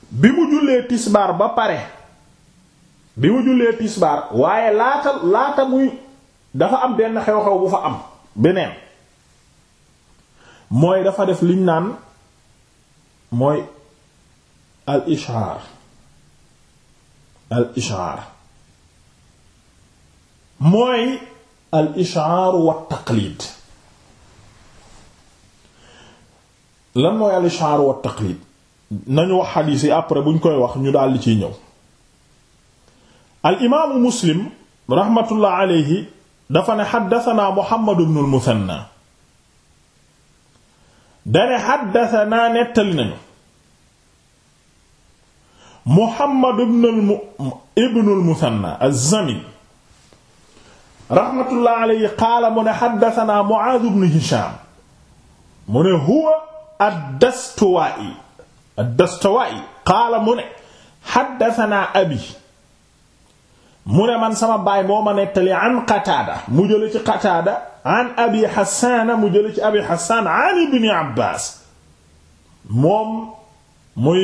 bi mu jullee tisbaar ba pare bi mu jullee tisbaar waaye laata laata muy dafa am benn xew-xew bu fa am beneen mooy dafa def liñ naan mooy al ishaar al ishaar mooy al ishaar wa taqlid lan mooy al ishaar wa taqlid nañu wax xadiis yi après buñ koy wax ñu daal di ciy ñëw al imaamu muslim raxmatullah alayhi dafa ne xaddasanaa Muhammad ibn al-Musanna dane xaddasanaa nettali nañu Muhammad ibn al-Musanna az-Zamin raxmatullahi alayhi qaala mu ne xaddasanaa Muaaz ibn Hishaam mu huwa ad-Dastuwaa'i ad-Dastuwaa'i qaala abi mu ne man sama baay moo ma nettali an Qataada mu jële ci Qataada an Abi Hassan mu jële ci Abi Hassan an Ibn Abbas moom muy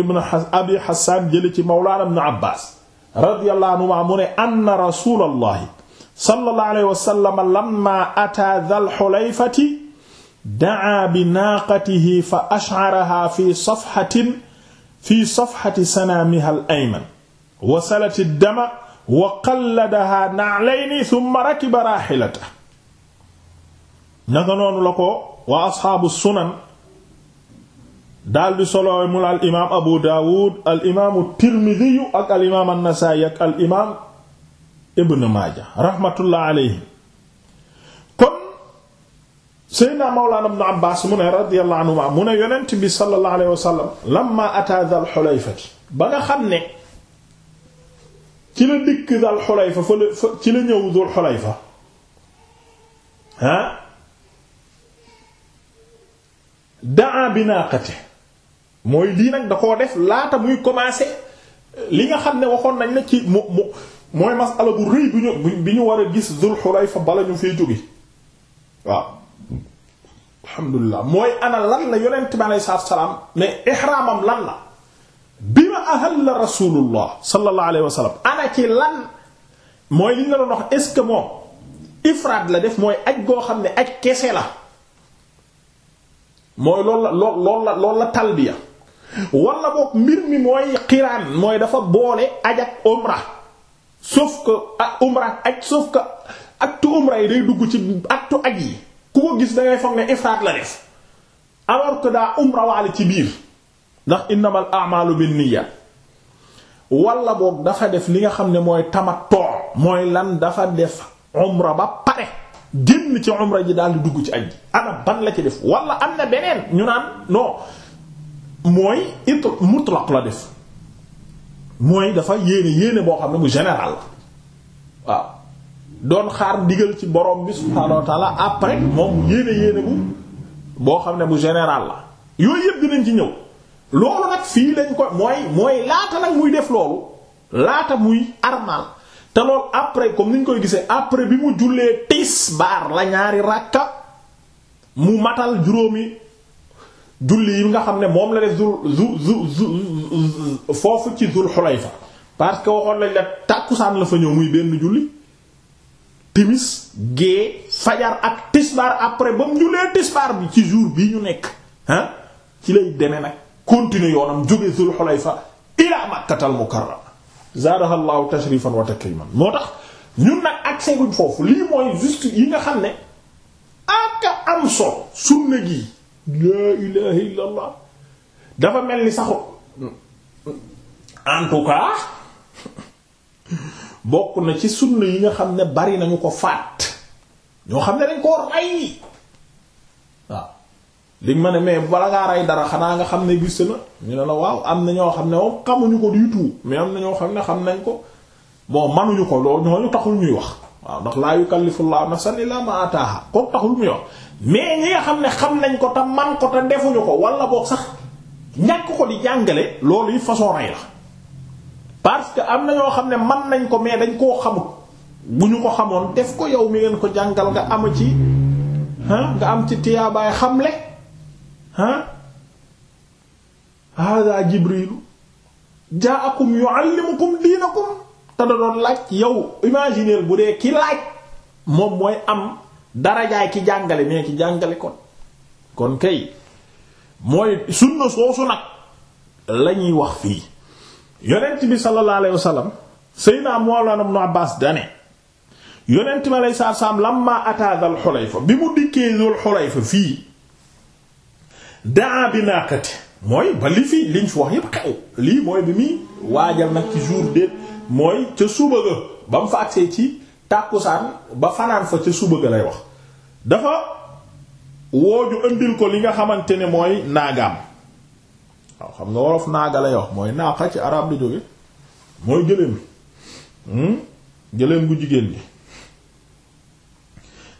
Ibn Abi Hassan jële ci Mawlaana Ibn Abbas radiyallahu anhuma mu ne anna Rasulullahi sallallahu alayhi wa sallam lamma ataa Dhal Hulayfati da'aa bi naaqatihi fa ash'arahaa fi safhatin fi safhati sanaamiha al-ayman wasalat ad-dama wa qalladaha na'layni thumma rakiba raahilata naka noonu la ko waa asxaabu sunan daal di solo mul al imaam Abu Dawud al imaamu Tirmidhi ak al imaam an-Nasaa'i ak al imaam Ibn Maaja rahmatullah aleyhi. kon Seydina Mawlaana Ibn Abbaas mu ne radiyallahu anhu mu ne yonent bi sallallahu alayhi wa sallam ataa Dhul Hulayfati ba nga xam ne. ci la dikk dal xulayfa fa la ci la ñëw dul xulayfa ah daa bi naaqate mooy lii nag da def laata muy commencer li nga xam ne waxoon nañ la ci mu mu mooy masala bu rëy bi ñu bi ñu war a gis dul xulayfa bala ñu fiy jóge waaw alhamdulilah mooy ana lan la yonent bi aleyhi salaam mais ihraamam lan la bi ma ahalla rasulullah sallallahu alayhi wa sallam ana ci lan mooy li nga doon wax est ce que moom la def mooy aj goo xam ne aj kese la mooy loolu la lool la talbiya wala boog mbir mi mooy xiraan mooy dafa boole aj ak umra sauf que umra aj sauf que actu umra yi day dugg ci actu aj yi ku ko gis da ngay ne ifraad la def alors que daa umra waale ci biir. ndax innamal a'malu binniyat wala boog dafa def li nga xam ne mooy tamattu mooy lan dafa def umra ba pare génn ci umra ji daal di dugg ci aj ji ban la ci def walla am na beneen ñu naan non mooy it mutlaq la def mooy dafa yéene yéene boo xam ne bu général la waaw doon xaar ndigal ci borom bi subhaanahu wa ta'ala après moom yéene yéene bu boo xam ne bu général la yooyu yëpp dinañ ci ñëw. loolu nag fii lañ ko mooy mooy laata nag muy def loolu laata muy armal te loolu après comme niñ koy gisee après bi mu jullee baar la ñaari ràkka mu matal juróomi julli yi nga xam ne moom la def zu foofu ci Zul Xulayfa parce que waxoon lañ la tàkkusaan la fa ñëw muy benn julli timis gée fajar ak tisbaar après ba mu jullee tisbaar bi ci jour bi ñu nekk ah ci lay deme nag continuer yoonam jóge Zul Xulayfa ila Makkatal Mukarrama zaadaha llahu tashrifan wa takriman moo tax ñun nag accès guñ foofu lii mooy juste yi nga xam ne aka am solo sunna gi laa ilaha illa dafa mel ni saxu en bokk na ci sunna yi nga xam ne bari nañu ko faat ñoo xam ne dañ koo rey di ma ne mais bala ngaa rey dara xanaa nga xam ne gis na ñu ne la waaw am na ñoo xam ne moom xamuñu ko du tout mais am na ñoo xam ne xam nañ ko bon manuñu ko loolu ñooñu taxul ñuy wax waaw ndax laa yukallifullahu nafsan illaa ma ataaha kooku taxul ñuy mais ñi xam ne xam nañ ko te man ko te defuñu ko wala boog sax ñàkk ko di jàngale loolu yi façon rey la parce que am na ñoo xam ne man nañ ko mais dañ koo xamut bu ñu ko xamoon def ko yow mi ngeen ko jàngal nga am ci ah, nga am ci tiyaabaay xamle ah hada jibrilu jaakum yuallimukum diinakum te da laaj yow imaginer bu dee ki laaj moom mooy am darajaay ki jàngale mais ki jàngale kon kon kay mooy sunna soosu nag la ñuy wax fii yonent bi sallallahu alayhi wasallam sayyidina mawlana ibn abbas dane yonent bi alayhi salaam lamma ata dal xulayfa bi mu dikkee dul xulayfa fii daa bi naaqati mooy ba li fi liñ fi wax yépp xew lii mooy bi muy waajal nag ci jour de mooy ca suba ga ba mu ci tàkkusaan ba fanaan fa ca suba ga lay wax dafa wooju ëndil ko li nga xamante ne mooy naagaam waaw xam nga wolof naaga lay wax mooy naaqa ci arab la jóge mooy gëléem hmm? gëléem gu jigéen bi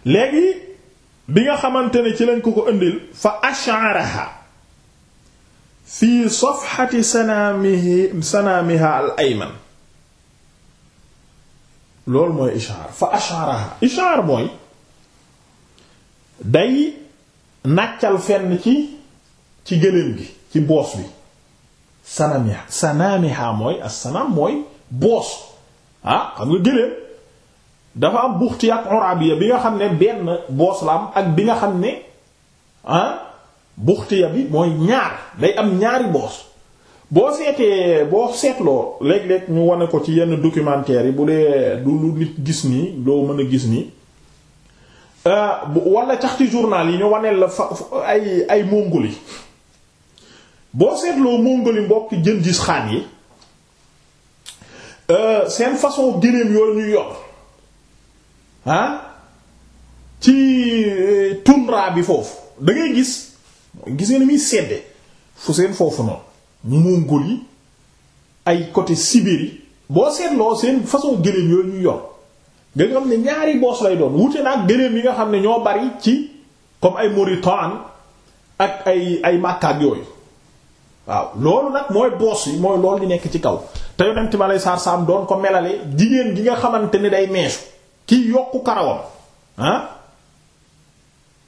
léegi bi nga xamante ne ci lañ ko ko indil fa ash'araha fi safhati sanaamihi sanaamiha al ayman loolu mooy ishaar fa ash'araha ishaar mooy day nàccal fenn ci ci gëléem gi ci boos bi sanaamiha sanaamiha mooy as-sanaam mooy boos ah xam nga gëléem dafa am buxti ak Uraabiya bi nga xam ne benn boos la am ak bi nga xam ne ah buxtiya bi mooy ñaar day am ñaari boos boo seetee boo seetloo léeg-léeg ñu wane ko ci yenn documentaire yi bu dee du lu nit gis nii loo mën a gis nii euh, wala tax ci journal yi ñu waneel la fa ay ay mongoli boo seetloo mongoli mbokki jën gis xaan yi euh, seen façon généem yooyu ñu ci euh, tundra bi foofu da ngay gis gis nga ni muy sedde fu seen foofu noonu Mongolie yi ay côté Sibérie boo seetloo seen façon gëléem yooyu ñu yor nga xam ne ñaari boos lay doon wute nag gëléem yi nga xam ne ñoo bari ci comme ay Mauritanie ak ay ay Makka yooyu waaw loolu nag mooy boos yi mooy loolu di nekk ci kaw te yonent ma lay saar saam doon ko melale jigéen gi nga xamante ni day meesu ki yokku karawam ah?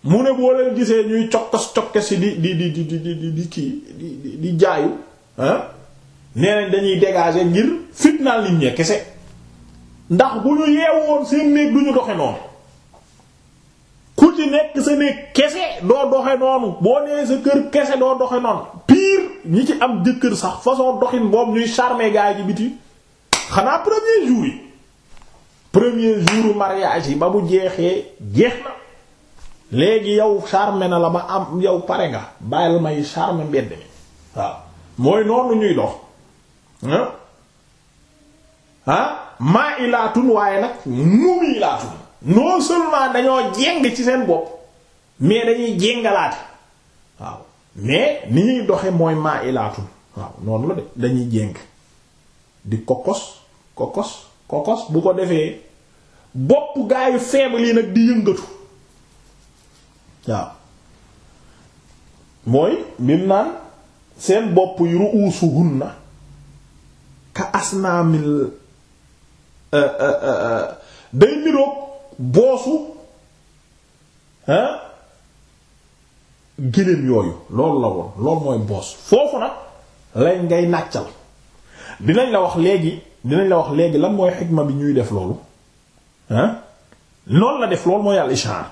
mu ne boo leen gisee ñuy cokkos cokkos di di di di di di di di di jaayu ah dañuy dégager ngir fitnaal nit ñi kese ndax bu ñu yeewoon seen néeg du ñu doxe noonu ku ci nekk sa néeg kese doo doxe noonu boo nee sa kër kese doo doxe noonu pire ñi ci am jëkkër sax façon doxin boobu ñuy charmer gaay ci biti xanaa premier jour yi premier jour mariage yi ba mu jeexee jeex na léegi yow charme na la ma am yow pare nga bàyyil may charme mbedd mi waaw mooy noonu ñuy dox ah maa ilaatun waaye nag mu mi dañoo jéng ci seen bopp mais dañuy jéngalaate waaw mais ni ñuy doxe mooy maa ilaatun waaw noonu la de dañuy jéng di kokos kokos kokos bu ko defee bopp gaa yu faible yi nag di yëngatu waaw mooy bim naan seen bopp yu na ka asnaamil euh, euh, euh, day niroog boosu ah gëléem yooyu loolu la woon loolu mooy boos foofu nag lañ ngay nàccal dinañ la wax léegi dinañ la wax léegi lan mooy xikma bi ñuy def loolu ah noonu la def loolu mooy al ishaar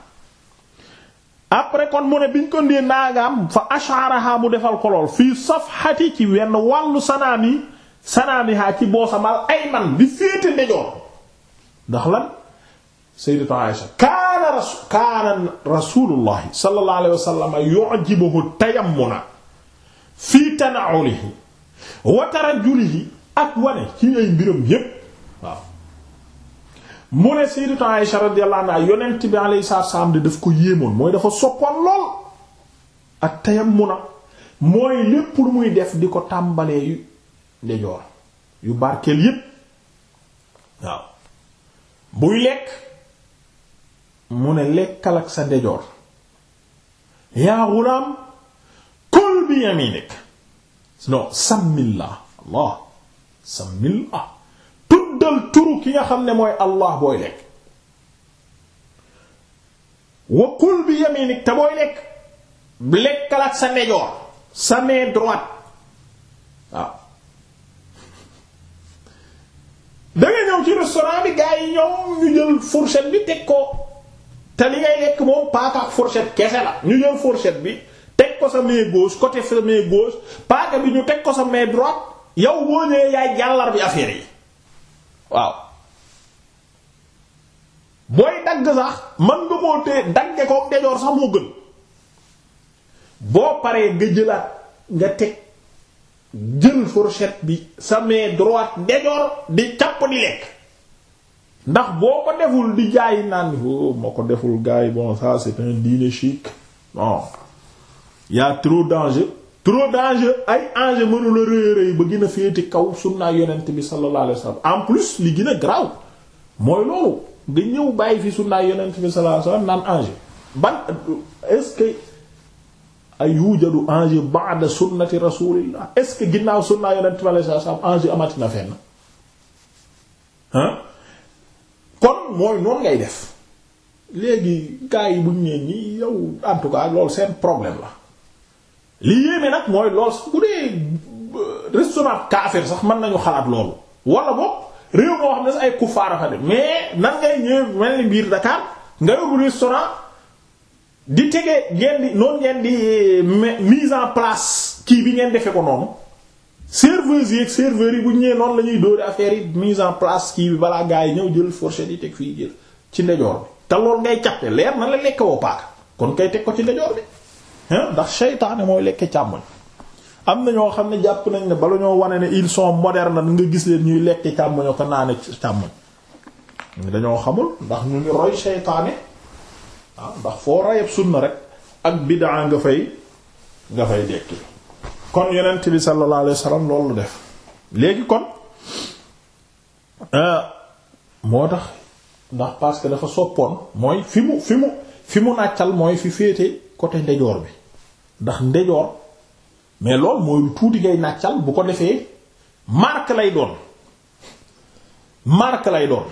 après kon mu ne biñ ko ndee naagam fa ashaaraha mu defal ko lool fii safhati ci wenn wàllu sanaami sanaamiha ci boosamal ayman bi féete ndejoor ndax lan sayyidatu Aisha kaana rasu kaana rasuulullahi sallallahu alayhi wa sallam yu'jibuhu tayammuna fii ak wane ci ay mbiram yépp waaw mu ne sayyidatu Aisha radiyallahu anha yonent bi alayhi salaam de daf ko yéemoon mooy dafa soppoon lool ak tayammuna mooy lépp lu muy def di ko tàmbalee yu ndejoor yu barkeel yépp waaw buy lekk mu ne lekkal ak sa ndejoor yaa gulaam kul bi yaminik non samillah allah samillah tuddal turu ki nga xam ne mooy allah booy lekk wa bi yaminik te booy lekk lekkal ak sa ndejoor sa main droite waaw danga ñëw ci restaurant bi gaa yi ñoom ñu jël fourchette bi teg ko te li ngay lekk moom paaka ak fourchette kese la ñu jël fourchette bi teg ko sa main gauche côté sa main gauche paaka bi ñu teg ko sa main droite yow boo ñëwee yaay jàllar bi yi waaw booy dagg sax man nga moo te dagge ko dejoor sax moo gën boo paree nga jëlaat nga teg jël fourchette bi sa main droite dejoor di càpp di lekk ndax boo ko deful di jaay naan oh ma ko deful gars yi bon ça c'est un dîner chic bon trop danger trop d'enjeu ay enjeu mënula rëy rëy ba gën a féeti kaw sunnaa yonent bi sallallahu alayhi wasallam en plus li gën a graw mooy loolu nga ñëw bàyyi fi sunnaa yonent bi sallallahu alayhi wasallam naan enjeu ban est-ce que ay yujadu enjeu ba'da sunnati rasulillah est-ce que ginnaaw sunnaa yonent bi sallallahu alayhi wasallam enjeu amati na fenn ah kon mooy noonu ngay def léegi gars yi buñ neen nii yow en tout cas loolu seen problème la li yéeme nag mooy lool sax bu dee euh, restaurant kaafir sax mën nañu xalaat loolu wala boog réew moo xam ne sax ay kuffaar fa de mais na ngay ñëw mel ni biir Dakar nga yóbbu restaurant di tege ngeen di noonu ngeen di euh, mise en place kii bi ngeen defee ko noonu serveuses yi ak serveurs yi bu ñëwee noonu la ñuy dóori affaire yi mise en place kii bi balaa gaa yi ñëw jël fourchette yi teg fii jël ci ndejoor bi te loolu ngay capte leer na la lekk woo paaka kon ko ci ndejoor ndax seytaane mooy lekke càmmoñ am na ñoo xam ne jàpp nañ ne bala ñoo wane ne ils sont modernes nga gis leen ñuy lekke càmmoñoo ko naane càmmoñ dañoo xamul ndax ñu ngi roy seytaane ah, ndax foo rayab sunna rek ak bid'a nga fay nga fay dekki kon yonent bi sallallahu alayhi loolu def léegi kon ah, moo tax ndax parce que dafa soppoon mooy fi mu fi mu fi mu nàccal mooy fi féete côté ndejoor bi ndax ndejoor mais lool mooy lu tuuti ngay nàccal bu ko defee marque lay doon marque lay doon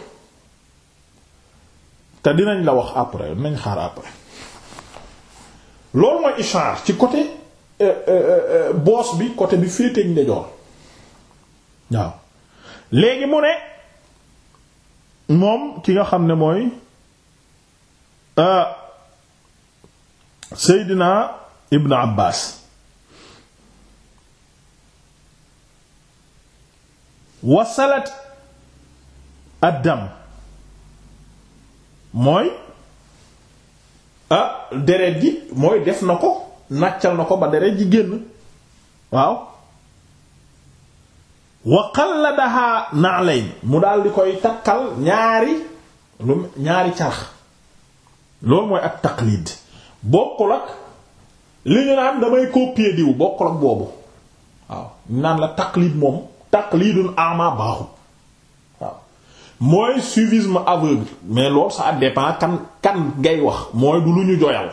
te dinañ la wax après dinañ xaar après loolu mooy ishaar ci côté euh, euh, euh, boos bi côté bi féeteeg ndejoor waaw léegi mu ne moom ki nga xam ne mooy Seydina Ibn Abbas wasalat addam mooy a ah, deret gi mooy def na ko nàccal na ko ba deret ji génn waaw wa qalladaha na'layn mu daal di koy takkal ñaari lu ñaari carax loolu mooy ak taqlid bokkul ak li ñu naan damay copier diw bokkul ak boobu waaw naan la taqlid moom taqlidul ama baaxul waaw mooy suivisme aveugle mais loolu ça dépend kan kan ngay wax mooy du lu ñu joyal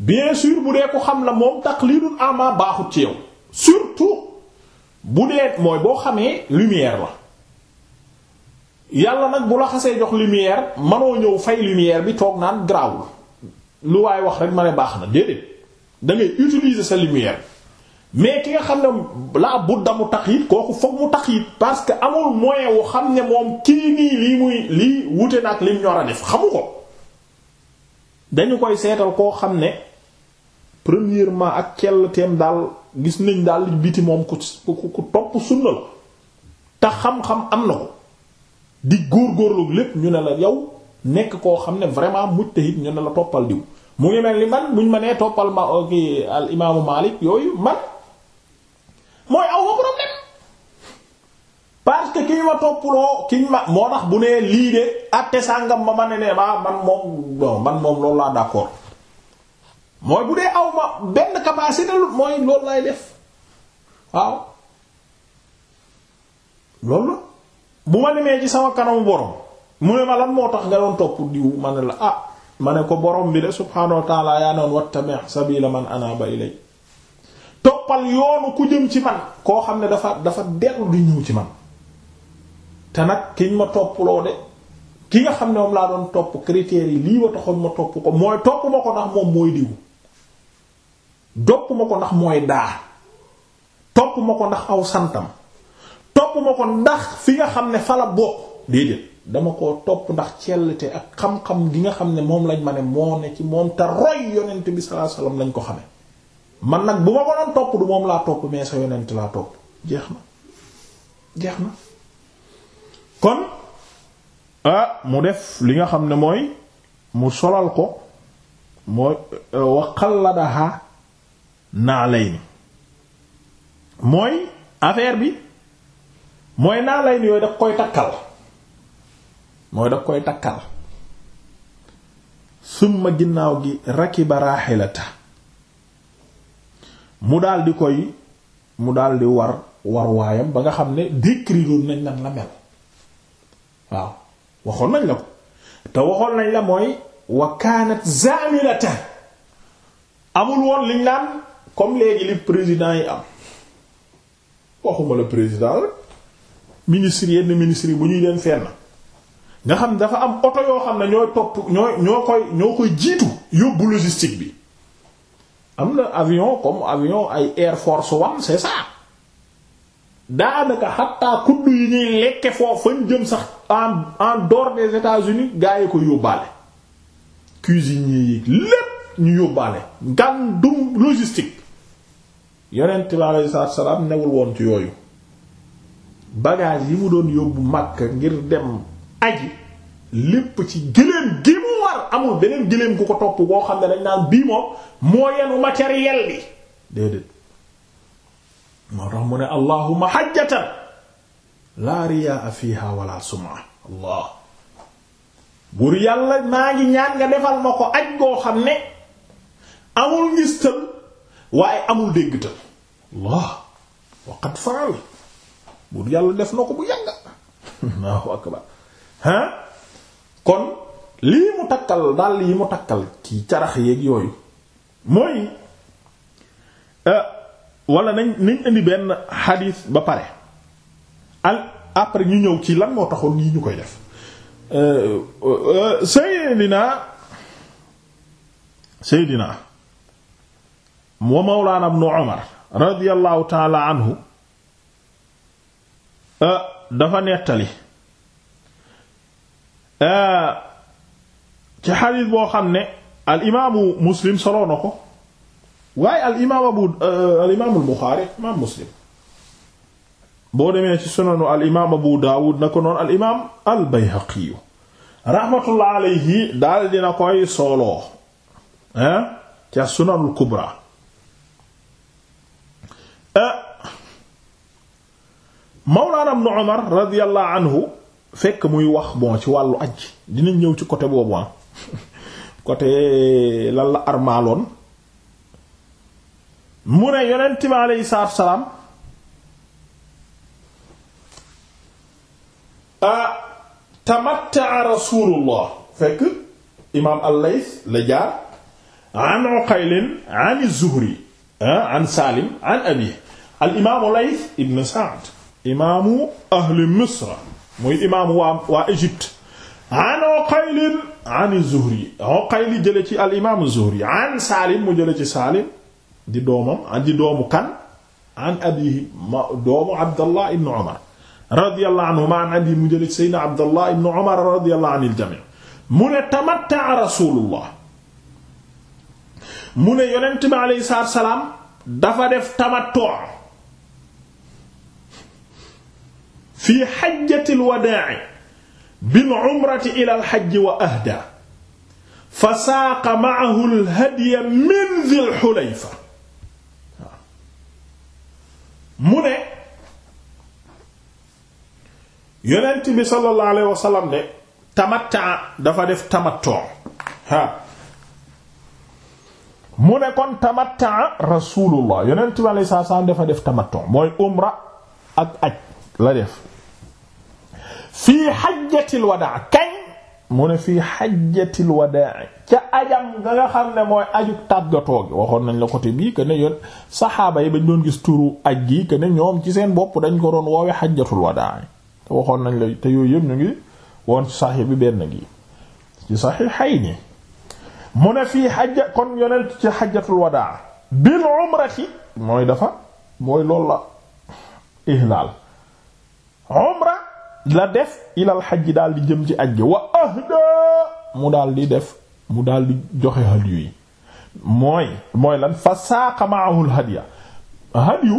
bien sûr bu dee ko xam la moom taqlidul ama baaxul ci yow surtout bu dee mooy boo xamee lumière la yàlla nag bu la jox lumière manoo ñëw fay lumière bi toog naan garaawul lu waay wax rek ma ne baax na déedéet da ngay sa lumière mais ki nga xam ne laa budda mu tax it kooku foog mu tax parce que amul moyen wu xam ne moom kii nii lii muy lii wute na ak lim ñor a def xamu ko dañu koy seetal koo xam ne premièrement ak kell teem daal gis nañ daal biti moom ku ku topp sunna la te xam-xam am na ko di góor góorlu lépp ñu ne la yow nekk koo xam ne vraiment mujtahid ñu ne la toppal diw mu ngi mel ni man buñ ma nee toppal ma euh, ki al imaamu Malik yooyu man mooy aw ma problème parce que kiñ ma toppaloo kiñ ma moo tax bu nee lii de àtte sàngam ma ma ne ne ah man moom man moom loolu laa d'accord mooy bu dee aw ma benn capacité mooy loolu lay def waaw loolu bu ma demee ci sama kanamu borom. mu ne ma lan moo tax nga doon topp diw ma ne la ah ma ne ko borom bi de subhaanahu wa taala yaa noon wattami sabila man anaba ilay toppal yoonu ku jëm ci man koo xam ne dafa dafa dellu di ñëw ci man te nag kiñ ma topploo de ki nga xam ne moom laa doon topp critères yi lii wa ma topp ko mooy topp ma ko ndax moom mooy diw topp ma ko ndax mooy daa topp ma ko ndax aw santam topp ma ko ndax fi nga xam ne fa la bokk déedéet dama koo topp ndax cellte ak xam-xam gi nga xam ne moom lañ ma ne moo ne ci moom te roy yonent bi sallallahu lañ ko xamee man nag bu ma ko doon topp du moom laa topp mais sa yonent laa topp jeex na jeex na kon ah mu def li nga xam ne mooy mu solal ko mooy euh, wa xalladaha naa lay ni mooy affaire bi mooy naa lay ni yooyu daf koy takkal mooy daf koy takkal summa ginnaaw gi rakiba raaxilata mu dal di koy mu dal di war war waayam ba nga xam ne décriroon nañ nan la mel waaw waxoon nañ la ko te waxoon nañ la mooy wa kaanat zamilata amul woon liñ naan comme léegi li président yi am waxuma la président la ministre yenn ministre yi bu ñuy dem fenn nga xam dafa am oto yoo xam ne ñooy topp ñooy ñoo koy ñoo koy jiitu yóbbu logistique bi am na avion comme avion ay Air Force One c'est daanaka xataa kudd yi ñuy lekke foofu fañ jëm sax en en dehors des États-Unis gaa yi ko yóbbaale cuisiniers yi lépp ñu yóbbaale ngàndum logistique yonent bi aleyhi salaam newul woon ci yooyu bagage yi mu doon yóbbu makk ngir dem aji lépp ci gëléem gi mu war amul beneen gëléem gu ko topp boo xam ne dañ naan bii moom moo yenu matériel bi déedéet moo tax mu ne allahumma hajjatan laa riyaa fiha wala suma allah buur yàlla maa ngi ñaan nga defal ma ko aj goo xam ne amul ngistal waaye amul déggtal allah wa qad buur yàlla def na ko bu yàgg allahu akbar hein kon lii mu takkal dàll yi mu takkal ci carax yeeg yooyu mooy euh, wala nañ nañ indi benn xadiis ba pare al après ñu ñëw ci lan moo taxoon yi ñu koy def euh, euh, Seydina Seydina wa Mawlaana Ibnu Umar radiyallahu taala anhu dafa nettali Euh, ci xadis boo xam ne al imaamu muslim soloo na ko waaye al imaam abu euh, al imaamul buxaari imaam muslim boo demee ci sunanu al imaam abu daawud na ko noonu al imaam al bayhaqiyu rahmatullah alayhi daal dina koy soloo ah ca sunanul kubra euh, mawlaana ibnu umar radiyallahu anhu fekk muy wax bon ci wàllu aj dinañ ñëw ci côté boobu ah côté lan armaaloon mu ne yonent bi aleyhi salaatu salaam a tamatta rasulullah fekk imaam al-Layth la jaar an Uqayl an az-Zuhri an Salim an abi al imaamu Layth ibn Sa'd imaamu ahli Misra muy imaamu waa waa Égypte an Uqayl an Zuhri Uqayl jële ci al imaamu Zuhri an Saalim mu jële ci Saalim di doomam an di doomu kan an abihi ma doomu Abdallah ibn Umar radiyallahu anhuma an abihi mu jële ci Seydina Abdallah ibn Umar radiyallahu anil jamii mu ne tamatta'a Rasulullah mu ne yonent bi alayhi salaam dafa def tamattu fii xajjatil wadaa bil umrati ilal xajji wa ahda fa saaqa ma'ahu al hadiya min dhil xulayfa mu ne yonent bi sallallahu alayhi wa sallam de tamatta dafa def tamattu ha mu ne kon tamatta rasulullah yonent bi alayhi salaam dafa def tamattu mooy umra ak aj la def. fii xajjatil wadaa kañ mu ne fii xajjatil wadaa ca ajam nga nga xam ne mooy aju tàggatoo gi waxoon nañ la côté bii que ne yoon saxaaba yi bañ doon gis turu aj gii que ne ñoom ci seen bopp dañ ko doon woowe xajjatul wadaa nañ la te yooyu yëpp ñu ngi woon ci saxi bi benn gi ci saxiixayni ne fii xajja kon ci xajjatul wadaa bil umrati mooy dafa mooy lool la ihlaal umra la def ilal xaj daal di jëm ci aj gi wa ahda mu daal di def mu daal di joxe hadiyu yi mooy mooy lan fa saaqa maahul hadiya hadiyu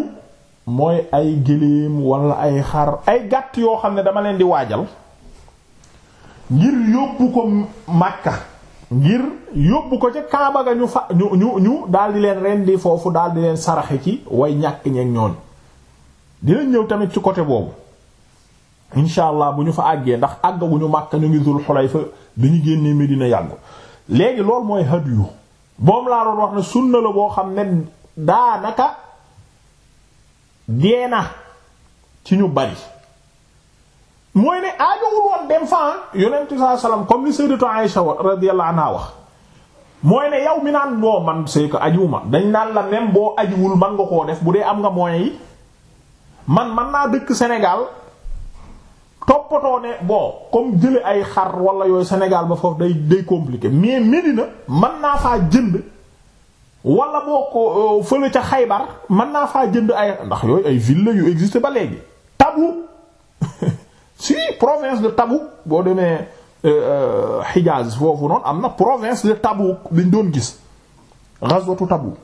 mooy ay gëléem wala ay xar ay gàtt yoo xam ne dama leen di waajal ngir yóbbu ko Makka ngir yóbbu ko ca Kaaba ga ñu fa ñu ñu ñu daal leen rendi foofu daal leen saraxe ci way ñàkk ñeeg ñoon dinañ ñëw tamit ci côté boobu incha allah bu ñu fa àggee ndax àggaguñu Makka ñu ngi Dul fa bi ñu génnee dina yàggu léegi loolu mooy hadiyu moom laa doon wax ne sunna la boo xam ne daanaka dee na ci ñu bari mooy ne aajowul woon dem fa ah yonentu saa salaam comme li sayyidatu Aisha radiyallahu anha wax mooy ne yow mi naan boo man c'est que dañ naan la même boo ajiwul man nga koo def bu dee am nga mooy man man naa dëkk senegal toppatoo ne boo comme jële ay xar wala yooyu Sénégal ba foofu day day compliqué mais Medina man naa faa jënd wala boo ko euh, fële ca Xaybar man naa faa jënd ay ndax yooyu ay ville yu existe ba léegi Tabou si province de Tabou boo demee euh, Hijaz foofu noonu am na province de Tabou dañ doon gis ghazwatu Tabou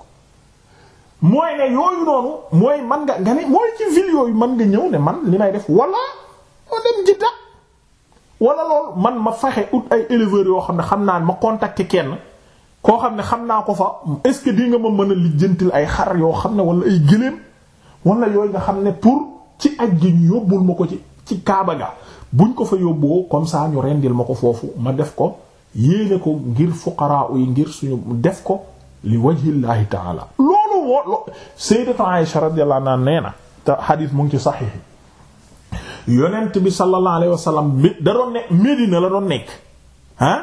mooy ne yooyu noonu mooy man nga nga ne mooy ci ville yooyu mën nga ñëw ne man li may def wala moo dem man ma faxe ut ay éleveurs yoo xam ne xam naa ma contacter kenn koo xam ne xam naa ko fa est-ce que di nga ma mën a lijjantil ay xar yoo xam ne wala ay gëléem wala yooyu nga xam ne pour ci aj gi ñu yóbbul ma ko ci ci Kaaba ga buñ ko fa yóbboo comme ça ñu rendil ma ko foofu ma def ko yéene ko ngir fuqaraa yi ngir suñu def ko li wajhillaahi taala loolu woo Sayyidatu Aisha radiyallahu anha nee na te xadiis mu ngi ci saxiix yonent bi sallallahu alayhi wa sallam da doon ne Medina la doon nekk ah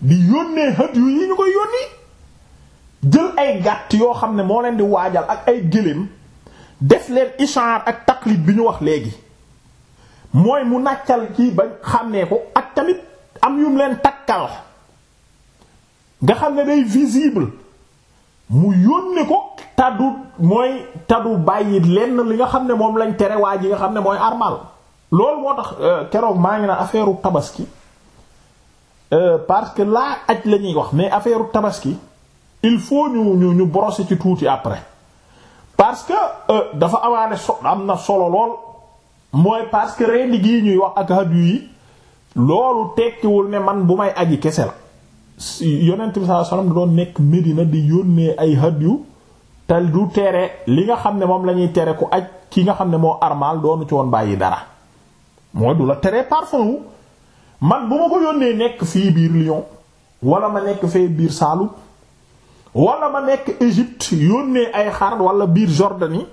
di yónnee hët yu ñu koy yónni jël ay gàtt yoo xam ne moo leen di waajal ak ay gëléem def leen ishaar ak taqlid bi ñu wax léegi mooy mu nàccal ci ba xàmmee ko ak tamit am yum leen takkal nga xam ne day visible mu yónni ko taddu mooy taddu bàyyi lenn li nga xam ne moom lañ tere waa yi nga xam ne mooy armal loolu moo tax euh, keroog maa ngi naan affaire tabaski euh, parce que laa aj la ñuy wax mais affaire tabaski il faut ñu ñu ñu brosser ci tuuti après parce que euh, dafa amaane so am na solo lool mooy parce que rendi gii ñuy wax ak hadiyu yi loolu tekkiwul ne man bu may aji kese la yonent bi sallallahu alayhi wasallam doon nekk Medina di yónnee ay hadiyu te du tere li nga xam ne moom la ñuy tere ku aj ki nga xam ne moo armal doonu ci woon bàyyi dara. mooy du la tere parfum wu man bu ma ko yónnee nekk fii biir Lyon walla ma nekk fee biir Saalum wala ma nekk Égypte yónnee ay xar wala biir Jordanie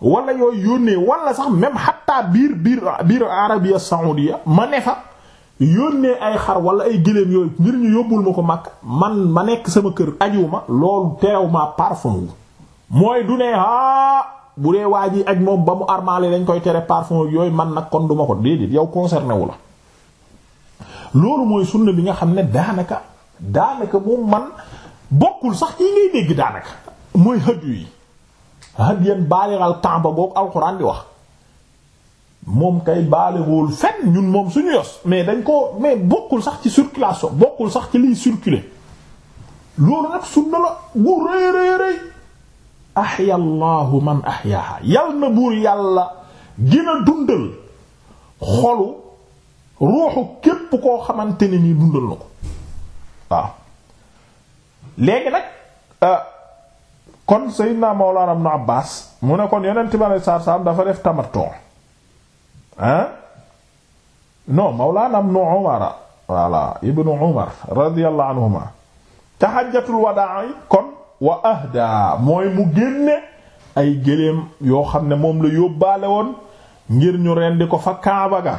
wala yooyu yónnee walla sax même xatta biir biir biir Arabia Saoudia ma ne fa yónnee ay xar wala ay gëléem yooyu ngir ñu yóbbul ma ko mag man ma nekk sama kër ajuw ma loolu teew ma parfum wu mooy du haa bu dee waa ji ak moom ba mu armaale dañ koy tere parfum yooyu man nag kon duma ko déedéet yow concerné wu la loolu mooy sunna bi nga xam ne daanaka daanaka moom man bokkul sax ci ngay dégg daanaka mooy hadiyu yi hadiyan baaliral Kaaba boobu alxuraan di wax moom kay baaliwul fen ñun moom suñu yos mais dañ koo mais bokkul sax ci circulation bokkul sax ci liy circuler loolu nag sunna la bu rëy rëy rëy ahya allahu man ahyaaha yal na buur yàlla gina dundal xolu ruuxu képp koo xamante ne nii dundal na ko waaw léegi nag euh, kon Seydina Mawlana Ibn Abbas mu ne kon yonent bi alei satu salaam dafa def tamattu ah non Mawlana Ibn Umar wala Ibn Umar radiyallahu anhuma tahajjatul wadaa kon wa ahda mooy mu génne ay géléem yoo xam ne moom la yóbbaale woon ngir ñu rendi ko fa kaaba ga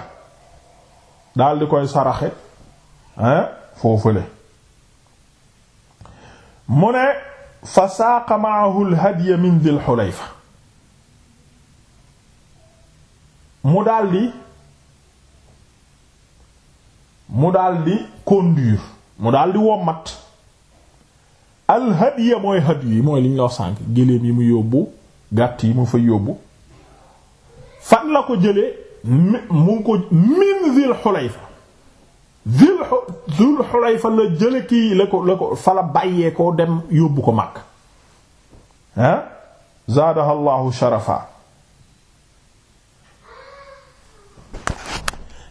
daldi koy saraxe hein foofule mu ne fa saaqa maahu lhadya min dil xulayfa mu daldi mu daldi conduire mu daldi wommat al hadiya mooy hadiyu mooy li ñu wax sànk géléem yi mu yóbbu gàtt yi mu fa yóbbu fan la ko jëlee mu ngi ko min zil xulayfa zil zil xulayfa la jële kii la ko la ko fa la bàyyee koo dem yóbbu ko mag ah zaadaha llahu sharafa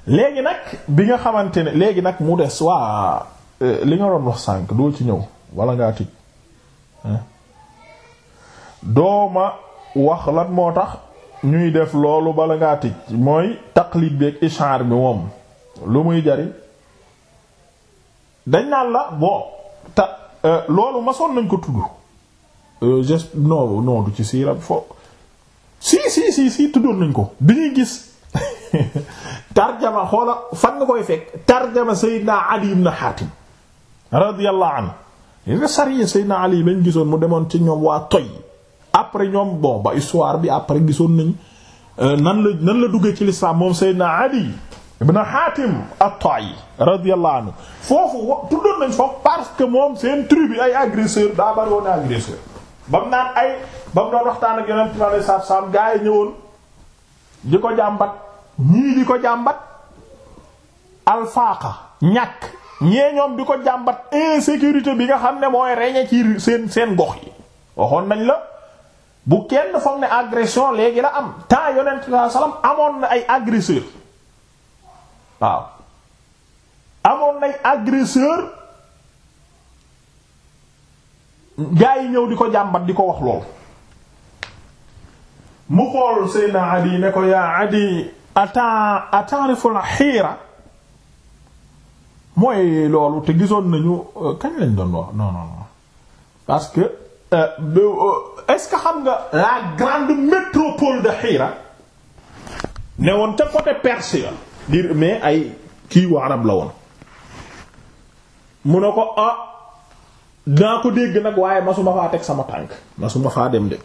léegi nag bi nga xamante ne léegi nag mu des waa euh, li nga doon wax sànk doo ci ñëw wala ngaa tëj dooma wax lan moo tax ñuy def loolu bala ngaa tëj mooy taqlid bi ak ishaar bi moom lu muy jariñ dañ naan la bon ta euh, loolu masoon nañ ko tudd gest euh, non non ci siira fo si si si si tuddoon nañ ko bi ñuy gis tarjama xoola fan nga koy fekk tarjama sayyidina Ali ibn Hatim radiyallahu anhu nga sariya Seydina Ali lañ gisoon mu demoon ci ñoom waa toy après ñoom bon ba histoire bi après gisoon nañ euh, nan la nan la duggee ci l'islam moom Seydina Ali ibn Hatim at-Ta'i radiyallahu anhu foofu wa tuddoon nañ foofu parce que moom seen tribu bi ay agresseur daa bari woon agresseur ba mu naan ay ba mu doon waxtaan ak yeneen tubaab saaf saaf gaa ñëwoon di ko jàmbat ñii di ko jàmbat alfaaqa ñàkk. ñee ñoom di ko jàmbat insécurité bi nga xam ne mooy reñe ci seen seen gox yi waxoon nañ la bu kenn foog ne agression léegi la am temps yonent saa salaam amoon na ay agresseur waaw amoon na ay agresseur gaa yi ñëw di ko jàmbat di ko wax lool mu xool Seydina Adi ne ko yaa temps ata ata'rifu al-hira mooy loolu te gisoon nañu euh, kañ lañ doon wax non non non parce que euh, euh, est-ce que xam nga la grande métropole de Hira ne woon te côté Perse ya dir mais ay kii wu arab la woon mu ne ko ah dinaa ko dégg nag waaye masuma faa teg sama tànk ma faa dem de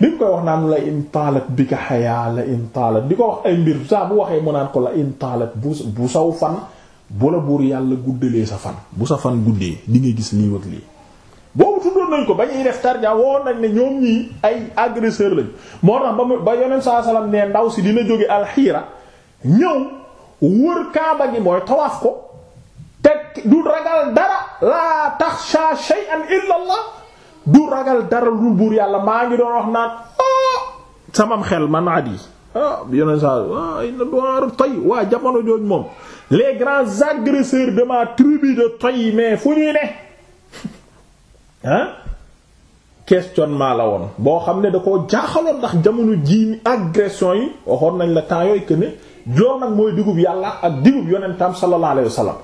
bi mu koy wax naan la in taalat bi ka xayaa la in taalat di ko wax ay mbir saa bu waxee mu naan ko la in taalat bu bu saw fan bu la buur yàlla guddalee sa fan bu sa fan guddee di nga gis lii wëg lii boobu tuddoon nañ ko ba ñuy def tarja woon nañ ne ñoom ñii ay agresseur lañ moo tax ba mu ba yonent saa salaam ne ndaw si dina jóge alxiira ñëw wër kaaba gi mooy tawaaf ko te du ragal dara laa taxsha shay'an illa Allah du ragal dara lu buur yàlla maa ngi doon wax naan ah, samam xel man at yi ah yeneen saa ah, yi na doon waa jamono jooju moom les grands agresseurs de ma tribu de toy mais fu ñuy ne ah questionnement la woon boo xam ne da koo jaaxaloon ndax jamono jii agression yi waxoon nañ la temps yooyu que ne loolu nag mooy digub yàlla ak digub yonentam sallallahu alayhi wasallam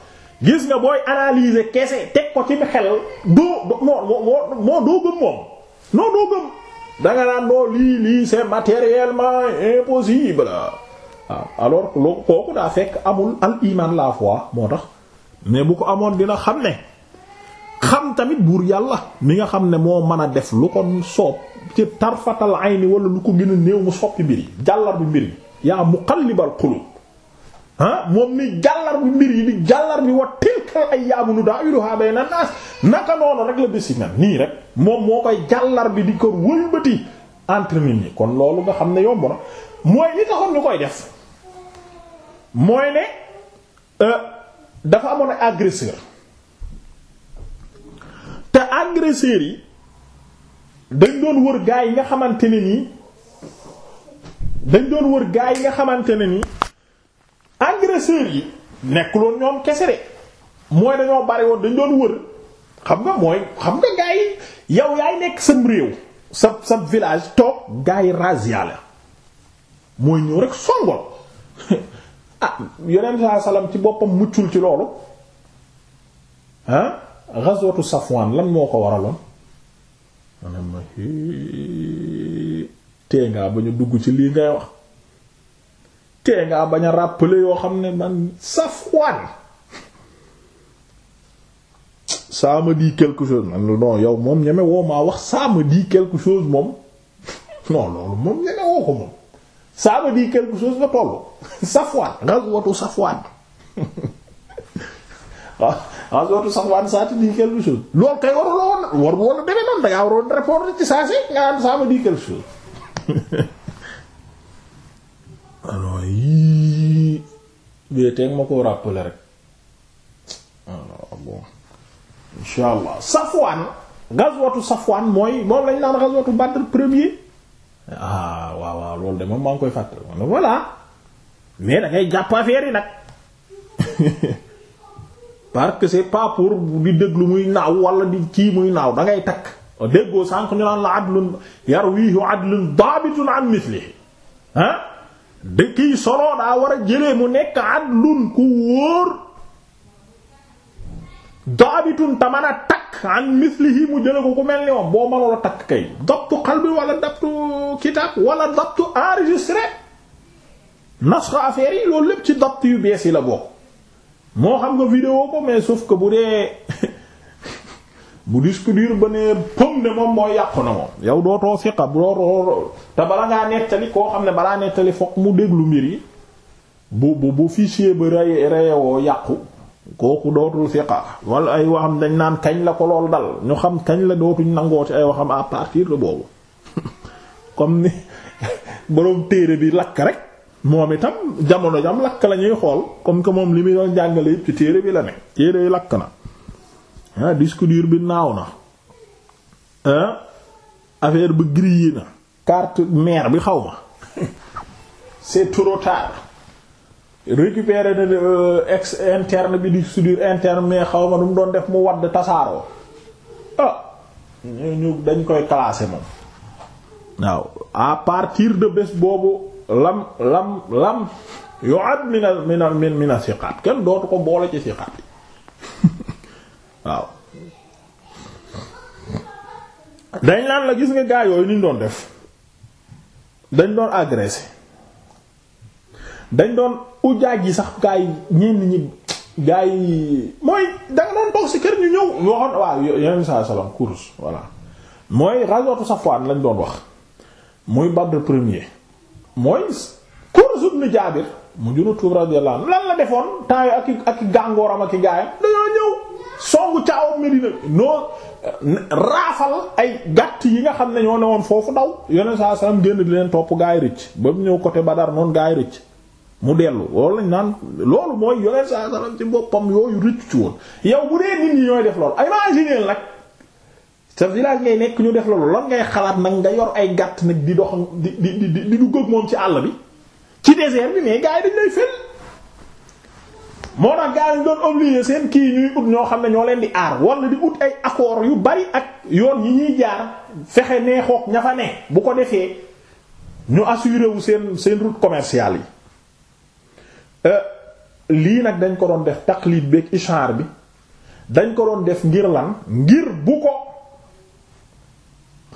gis nga booy analyser kese teg ko ci xel doo moo moo moo doo gëm moom non doo gëm danga naan noo lii lii c'est matériellement impossible waaw ah, alors kooku daa fekk amul al iman la foi moo tax mais bu ko amoon dina xam ne xam tamit buur yàlla mi nga xam ne moo mën a def lu ko soob ci tarfatal ayni wala lu ko gëna néew mu soppi mbir yi jàllar bi mbir yaa muqallibal qulub ah moom ni jàllar bi mbir yi di jàllar bi wa tilkal ayyaamu nudaawiluhaa bayna naas naka noonu rek la bési nan nii rek moom moo koy gàllar bi di ko wëlbati entre nit ñi kon loolu nga xam ne yomb na mooy li taxoon ñu koy def mooy ne euh, dafa amoon agresseur te agresseurs yi dañ doon wër gaa yi nga xamante ne nii dañ doon wër gaa yi nga xamante ne nii agresseurs yi nekkuloon ñoom kese de mooy dañoo bari woon dañ doon wër xam nga mooy xam nga gars yi yow yaay nekk sam réew sa sa village toog gars yi razzia la mooy ñëw rek songol ah yonent saa salaam ci boppam muccul ci loolu ah ghazwatu Safwan lan moo ko waraloon maanaam tee ngaa ñu dugg ci lii ngay wax tee ngaa bañ a rappeler yoo xam ne man Safwan ça me dit quelque chose man non yow moom ñeme woo maa wax ça me dit quelque chose moom non loolu moom ñeme woo ko moom ça me dit quelque chose nga tollu Safwan ghazwatu Safwan waaw ah, ghazwatu Safwan ça te dit quelque chose loolu kay warul woon warul woon demee noonu da ngaa waroon répondre ci saa si nga am ça me dit quelque chose. alors yii bee teeg ah, waaw waaw loolu de moom maa koy fàttali ma ne voilà mais da ngay jàpp affaire yi nag parce que c'est pas pour di déglu muy naaw wala di kii muy naaw da takk déggoo sànq ñu naan la adlun yarwihi adlun daabitun an mislihi ah dëkk yi soloo daa war a jëlee mu nekk adlun ku wóor daabitun te a takk an mislihi mu jële ko ku mel ni moom boo mënula takk kay dabtu xalbi wala dabtu kitaab wala dabtu enregistré nasxa affaire yi loolu lépp ci dabt yu bees yi la bokk moo xam nga vidéo ko mais sauf que bu dee bu disque dur ba nee pëm ne moom mooy yàqu na moom yow dootoo fiqa dootoo te bala ngaa nettali koo xam ne balaa nettali fokk mu déglu mbir yi bu bu bu fichier ba rey reyewoo yàqu kooku dootul fiqa wala ay waxam dañ naan kañ la ko lool dal ñu xam kañ la dootuñ nangoo nangooti ay waxam à partir de boobu comme ni boroom téere bi lakk rek moom itam jamono jam lakk la ñuy xool comme que moom li muy doon jàngale yëpp ci téere bi la ne téere yi lakk na ah disque bi naaw na ah affaire bi grillé na carte mère bi xaw ma c'est trop tard récupérer na euh, ex interne bi disque dur interne mais xaw ma nu doon def mu wadd tasaaroo ah ñu dañ koy classer moom waaw à partir de bés boobu lam lam lam yu'ad min min min min siqaat kenn dootu ko boole ci siqaat waaw dañ naan la gis nga gaa yooyu ni doon def dañ doon agressé dañ doon ujaaj yi sax gaa yi ñenn ñi gaa yi mooy danga doon toog ci kër ñu ñëw ñu waxoon waaw yeneen saa salaam course voilà mooy ghazwatu Safwan lañ doon wax muy Badr premier mooy course ibn Jaabir mu junu tuub radiyallahu anhu lan la defoon temps yi ak i ak i gàngooram ak i gaayam dañoo songu caawa Medina noo raafal ay gàtt yi nga xam ne ñoo ne woon foofu ndaw yoneen saa salaam génn di leen topp gaay rëcc ba mu ñëw côté Badar noonu gaay rëcc mu dellu woo lañ naan loolu mooy yoneen saa ci mboppam yooyu rëcc ci woon yow bu dee nit ñi ñooy def loolu imaginer nag sa village ngay nekk ñu def loolu lan ngay xalaat nag nga yor ay gàtt nag di dox di di di di moom ci àll bi ci désert bi mais gaay dañ moo tax gars yi doon obligé seen kii ñuy ut ñoo xam ne ñoo leen di aar war wala di ut ay accord yu bari ak yoon yi ñuy jaar fexe neexook ña fa ne bu ko defee ñu assuré wu seen seen route commerciale yi euh, lii nag dañ ko doon def taqlid beeg ishaar bi dañ ko doon def ngir lan ngir bu ko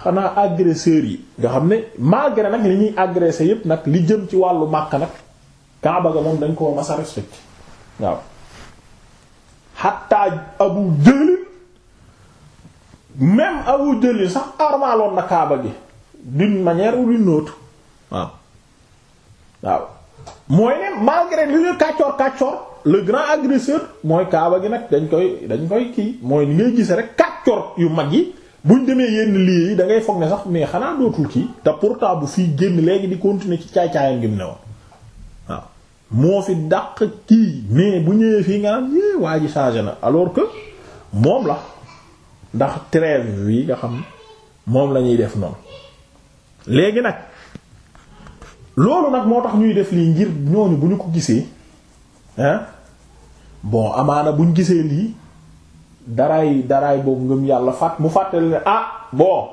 xanaa agresseurs yi nga xam ne malgré nag li ñuy agressé yépp nag li jëm ci wàllu màkk nag Kaaba ga moom dañ koo mas a waaw xatta abu jëlin même abu jëlin sax armaaloon na kaaba gi d'une manière ou d'une autre waaw waaw mooy ne malgré li ñu kàccoor kàccoor le grand agresseur mooy kaaba gi nag dañ koy dañ koy kii mooy ni ngay gise rek kàccoor yu mag yi buñ demee yenn lii yi da ngay foog ne sax mais xanaa dootul kii te pourtant bu fii génn léegi di continuer ci caay-caayam gi mu ne woon moo fi dàq kii mais bu ñëwee fii nga naan yee waa ji changé na alors que moom la ndax trêve yi nga xam moom lañuy def noonu léegi nag loolu nag moo tax ñuy def lii ngir ñooñu bu ñu ko gisee hein bon amaana buñ ñu gisee lii daraay daraay boobu ngëm yàlla fàtt mu fàttali ne ah bon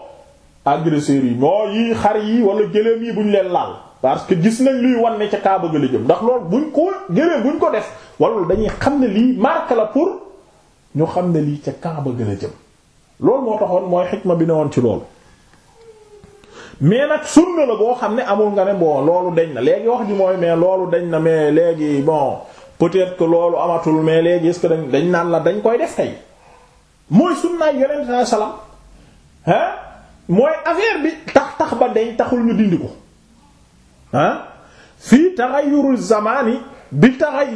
agresseurs yi moo yi xar yi wala gëléem yi buñ leen laal parce que gis nañ luy wan ne ca Kaaba ga jëm ndax lool buñ ko gëree buñ ko def wala dañuy xam ne lii marque la pour ñu xam ne lii ca Kaaba ga jëm loolu moo taxoon mooy xikma bi ne woon ci loolu. mais nag sunna la boo xam ne amul nga ne bon loolu dañ na léegi wax ji mooy mais loolu dañ na mais léegi bon peut-être ko loolu amatul mais léegi est-ce que dañ dañ naan la dañ koy def tey mooy sunnaay naa sallallahu alayhi wasallam hein mooy affaire bi tax tax ba dañ taxul ñu dindi ko. ah fii taxayuru zamaani bi taxay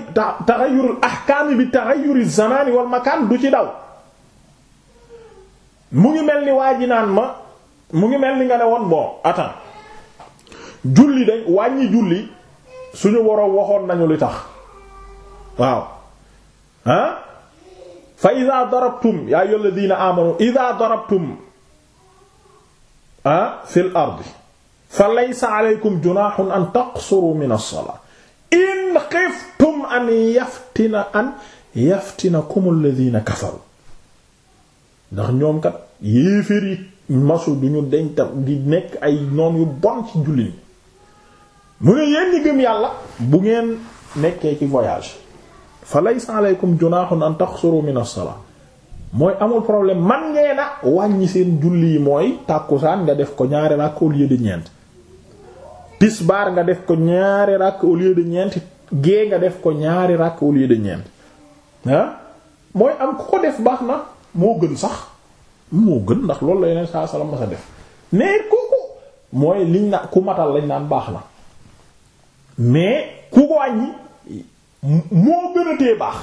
taxayuru ahkaami bi taxayuru zamaani wal makaan du ci daw mu ngi mel ni waa ji naan ma mu ngi mel ni nga ne woon bon attends julli dañ wàññi julli suñu waroon waxoon nañu li tax waaw ah fa ida darabtum yaa ayyuhalladhina amanu ida darabtum ah fil ardi fa laysa aleykum junahun an taqsuru min as-salaa in xiftum an yaftina an yaftinakum alladhina kafaru ndax ñoom kat yéeféer yi masu duñu deñ di nekk ay noon yu bon ci jullit mu ne yéen gëm yàlla bu ngeen nekkee ci voyage fa laysa aleykum junahun an taqsuru min as-salaa mooy amul problème man ngeen a wàññi seen julli yi mooy tàkkusaan nga def ko ñaari ràkk au lieu ñeent tisbaar nga def ko ñaari ràkk au lieu de ñeenti gée nga def ko ñaari ràkk au lieu de ñeent ah mooy am ku ko def baax na moo gën sax moo gën ndax loolu la yeneen saa salaam ma sa def mais kooku liñ na ku matal lañ naan baax na mais ku moo gën baax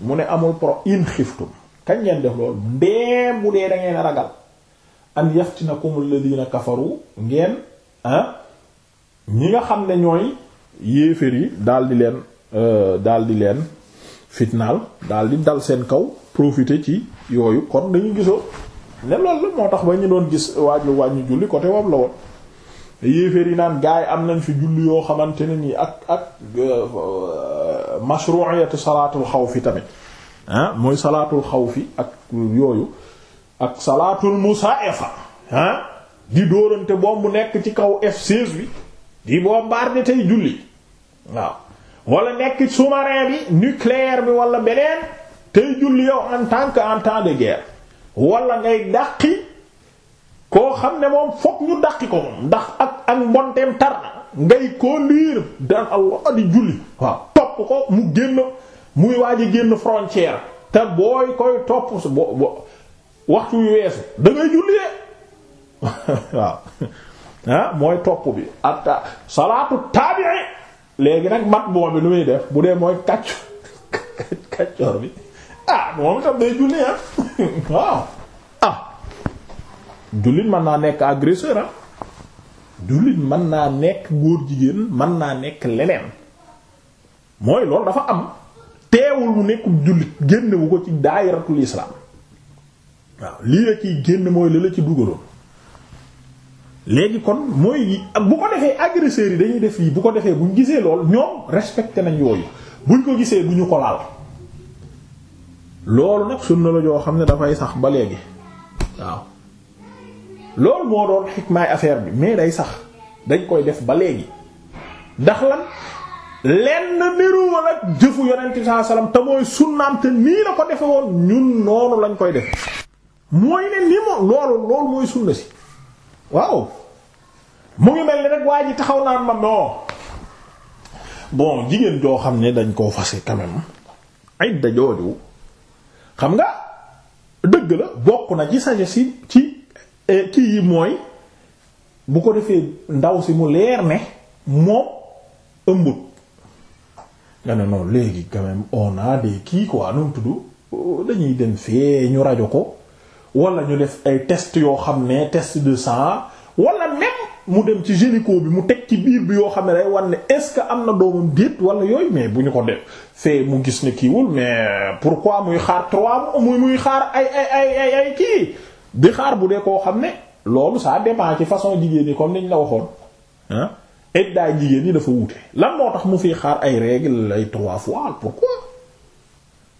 mu ne amul pro in xiftum kañ ngeen def loolu ndeem bu dee da ngeen ragal an yaftinakum alladhina kafaru ngeen ñi nga xam ne ñooy yéeféer yi daal di leen euh, daal di leen fitnaal daal di dal seen kaw profité ci yooyu kon dañu gisoo ne loolu la moo tax ba ñu doon gis waaju wàññi julli côté wob la woon yéeféer yi naan gaay am nañ fi julli yoo xamante ne nii ak ak euh, mashru'iyatu salaatul xawfi tamit ah mooy salaatul xawfi ak yooyu ak salaatul musaa'ifa ah di dóorante bomb nekk ci kaw F16 bi di bombarder tey julli waaw wala nekk sous-marin bi nucléaire bi wala beneen tey julli yow en tant que en temps de guerre wala ngay dàqi koo xam ne moom fokk ñu dàqi ko ndax ak ak mbonteem tar na ngay conduire daan Allah waaw topp ko mu génn muy waaj a génn frontière te booy koy topp bo bo waxtu yu weesu da ngay waaw ah mooy topp bi atta salaatu taabi'i léegi nag mat boo bi lu muy def bu dee mooy kàcc kàccoor bi ah moom itam day julli ah waaw ah jullit mën naa nekk agresseur ah jullit mën naa nekk góor jigéen mën naa nekk leneen mooy loolu dafa am teewul mu nekkul jullit génn bu ko ci daayiratul islaam waaw lii la ciy génn mooy li la ci dugaloon léegi kon mooy bu ko defee agresseurs yi dañuy def yi bu ko defee buñ gisee lool ñoom respecté nañ yooyu buñ ko gisee bu ñu ko laal loolu nag sunna la joo xam ne dafay sax ba léegi waaw loolu moo doon xikmaay affaire bi mais day sax dañ koy def ba léegi ndax lan lenn niruwal ak jëfu yonente saa salaam te mooy sunnaam te nii la ko defe woon ñun noonu lañ koy def mooy ne ni mo loolu loolu mooy sunna si waaw mu ngi mel ni rek waa ji taxaw naan ma non bon jigéen joo xam ne dañ koo fase quand même jooju xam nga dëgg la bokk na ci saje si ci eh, kii yi mooy bu ko defee ndaw si mu leer ne moo ëmbut nga ne noonu léegi quand même on a des kii quoi nu mu dañuy dem fee rajo ko wala ñu def ay test yoo xam ne test de sang wala même mu dem ci gynéco bi mu teg ci biir bi yoo xam ne day wan ne est-ce que am na doomam déet wala yooyu mais bu ñu ko def fee mu gis ne kiiwul mais pourquoi muy xaar trois muy muy xaar ay ay ay ay kii di xaar bu dee koo xam ne loolu ça dépend ci façon jigéen ñi comme niñ la waxoon ah eddaay jigéen ñi dafa wute lan moo tax mu fiy xaar ay règles ay trois fois pourquoi.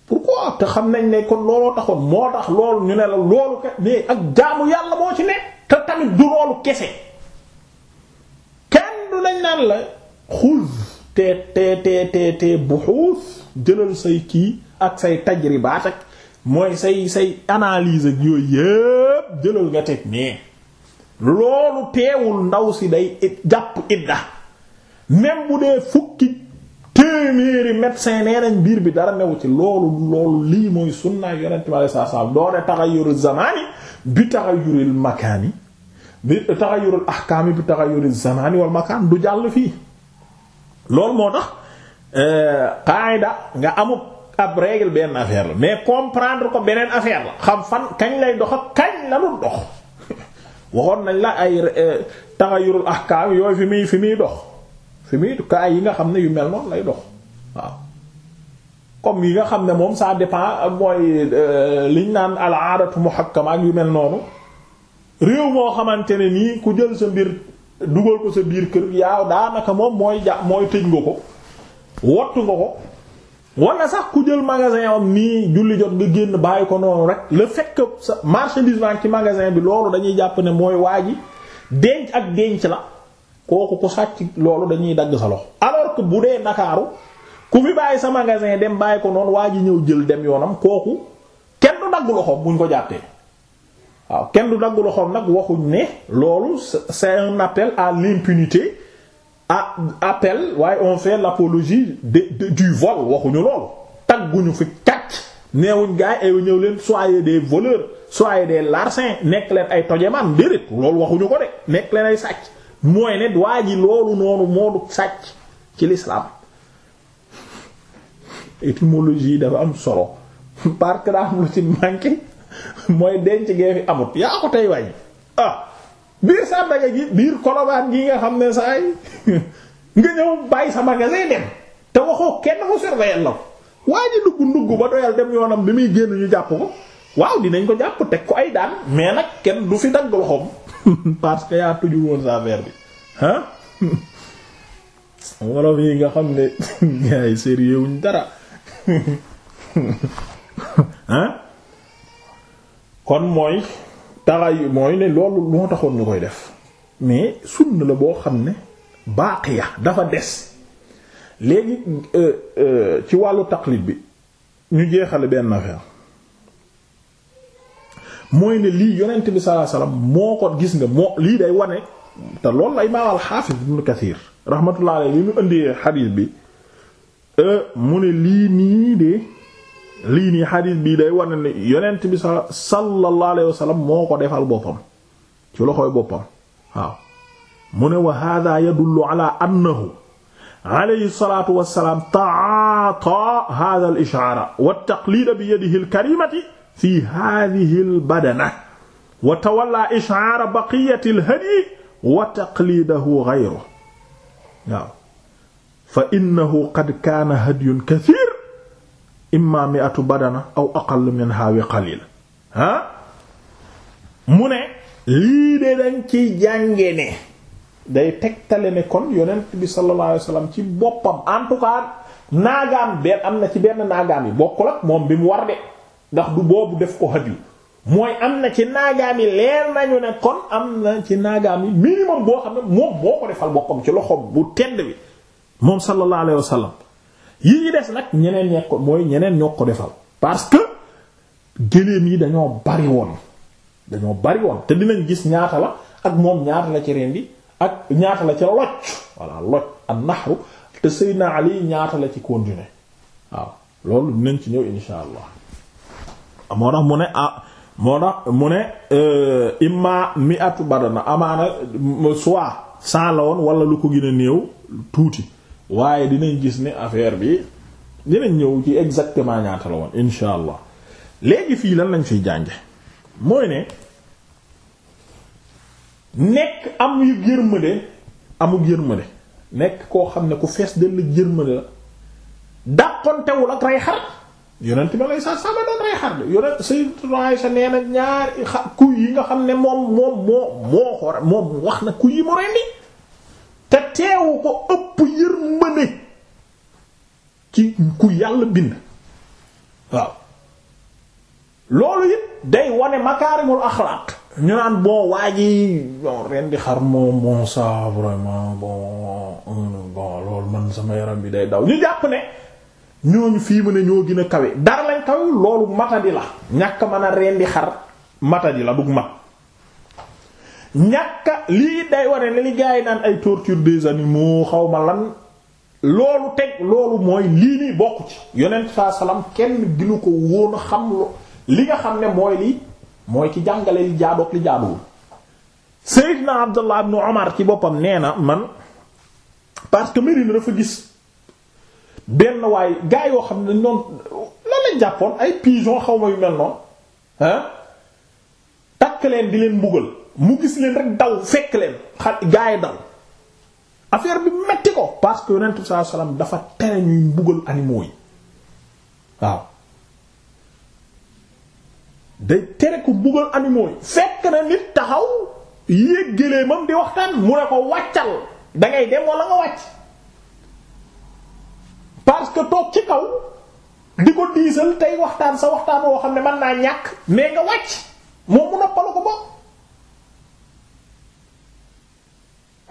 pourquoi te xam nañ ne kon looloo taxoon moo tax loolu ñu ne la loolu ke mais ak jaamu yàlla moo ci ne te tamit du loolu kese kenn du lañ naan la xuz te te te te te buxuus jëlal say kii ak say tajribaat ak mooy say say analyse ak yooyu yépp jëlal nga teg mais loolu teewul ndaw si day jàpp idda même bu dee fukki téeméeri médecin nee nañ biir bi dara newu ci loolu loolu lii mooy sunna yonent bi saa salaam doone taxayuru zamaani bi taxayuril makaani bi taxayurul ahkaami bi taxayuril zamaani wal makaan du jàll fii loolu moo tax euh, qaayda nga amut ab règle benn affaire la mais comprendre ko beneen affaire la xam fan kañ lay dox ak kañ la lu dox waxoon nañ la ay euh, taxayurul ahkaam yooyu fi muy fi muy dox si muy cas yi nga xam ne yu mel noonu lay dox waaw comme yi nga xam ne moom ça dépend mooy euh, liñ naan al aadatu muhakkama ak yu mel noonu réew moo xamante ne nii ku jël sa mbir dugal ko sa biir kër yaaw daanaka moom mooy ja mooy tëj nga ko wottu nga ko wala sax ku jël magasin am nii julli jot nga génn bàyyi ko noonu rek le fait que sa marchandise ci magasin bi loolu dañuy jàpp ne mooy waa ji denc ak denc la kooku ku sàcc loolu dañuy dagg sa loxo alors que bu dee ndakaaru ku fi bàyyi sa magasin dem bàyyi ko noonu waa ji ñëw jël dem yoonam kooku kenn du dagg loxo buñ ko jàppee waaw kenn du dagg loxoom nag waxuñ ne loolu c'est un appel à l'impunité à waaye on fait l'apologie de du vol waxuñu loolu tagguñu fi kàcc neewuñ gaay ay eh, ñëw leen soyez des voleurs soyez des nekk leen ay tojemaan déedéet loolu waxuñu ko de nekk leen ay sàcc mooy ne waa ji loolu noonu moonu sàcc ci l'islam étymologie dafa am solo parce que daa am lu ci manqué mooy denc gee fi amut yaa ko tey wàññi ah biir sàndaga gi biir kolobaan gi nga xam ne saay nga ñëw bàyyi sa magasin dem te waxoo kenn mu surveiller la ko waa ji dugg ndugg ba doyal dem yoonam bi muy génn ñu jàpp ko waaw dinañ ko jàpp teg ko ay daan mais nag kenn du fi dagg loxoom parce que yaa tuju woon sa affaire bi ah wolof yi nga xam ne gars yi sérieux wuñ dara ah kon mooy taxay mooy ne loolu moo taxoon lu koy def mais sunna la boo xam ne baax ya dafa des léegi euh, euh, ci wàllu taqlid bi ñu jeexale benn affaire mooy ne lii yonent bi sallallahu alayhi moo ko gis nga moo lii day wane te loolu la imaam al-Hafiz Ibn Kathir rahmatullah alayhi mu indi xadiis bi euh, mu ne lii nii de lii nii xadiis bi day wane ne yonent bi sallallahu alayhi wasallam moo ko defal boppam ci loxooy boppam waaw mu ne wa hada yadullu ala annahu alayhi salatu wasalaam wa taqlid bi yadihi al fi hadhihi al badana wa tawalla ishaara baqiyati al wa taqliidahu ghayruhu waaw fa innahu qad kaana hadyun kathiir imma mi'atu badana aw aqall minha wa qaliil ah mu ne lii de dañ ciy jànge ne day tegtale ne kon yonent bi sallallahu alayhi ci boppam en naagaam benn am na ci benn naagaam yi bokkul ak moom bi mu war de ndax du boobu def ko hadiyu mooy am na ci naagaam yi leer nañu ne kon am na ci naagaam yi minimum boo xam ne moom moo ko defal bokkam ci loxoom bu tedd bi moom sallallahu alayhi wa sallam yi ñi des nag ñeneen ñee ko mooy ñeneen ñoo ko defal parce que gëléem yi dañoo bari woon dañoo bari woon te dinañ gis ñaata la ak moom ñaata la ci rendi ak ñaata la ci locc walla locc ak naxru te Seydina Ali ñaata la ci continuer waaw loolu dinañ ci ñëw insha allah moo tax mu ne ah moo tax mu ne euh, imma mi atu badana amaana soit cent la woon wala lu ko gën a néew tuuti waaye dinañ gis ni affaire bi dinañ ñëw ci exactement ñaata la woon insha allah léegi fii lan lañ fiy jànge mooy ne nekk am yu yërmande amug yërmande nekk koo xam ne ku fees dell yërmande la dàqontewul ak rey xar yonent bi alay sax sama doon rey xar de yonent Sayyidatu Aisha nee na ñaari xa kuy yi nga xam ne moom moom moo moom na kuy yi mu ko ëpp yërmande ci ku yàlla bind waaw loolu wane makaarimul axlaaq ñu naan bon waa ji bon rendi xar moom bon ça vraiment bon euh, loolu man sama yaram bi day daw ñu jàpp ne. ñooñu fii mu ne ñoo gën a kawe dara lañ kawe loolu matadi la ñàkk mën a rendi xar matadi la dug mat ñàkka lii day ware ne li gars yi naan ay torture des animaux xaw ma lan loolu teg loolu mooy lii nii bokk ci yonent saa salaam kenn ginu ko woon xam li nga xam ne mooy li mooy ki jàngale li jaadoog li jaaduwul Seydina Abdullah ibn Omar ci boppam nee na man parce que Médine dafa gis benn waay gaa yoo xam ne dañ doon lan jàppoon ay pigeon xaw ma yu mel noonu takk leen di leen mbugal mu gis leen rek daw fekk leen xa gaa yi daw affaire bi metti ko parce que yonent bi sallallahu dafa tere ñuy mbugal animaux yi waaw day tere ko mbugal animaux yi fekk na nit taxaw yéeg géléemam di waxtaan mu ne ko wàccal dangay dem wala nga wàcc parce que toog ci kaw di ko diisal tey waxtaan sa waxtaan woo xam ne mën naa ñàkk mais nga wàcc moom mu noppalu ko bopp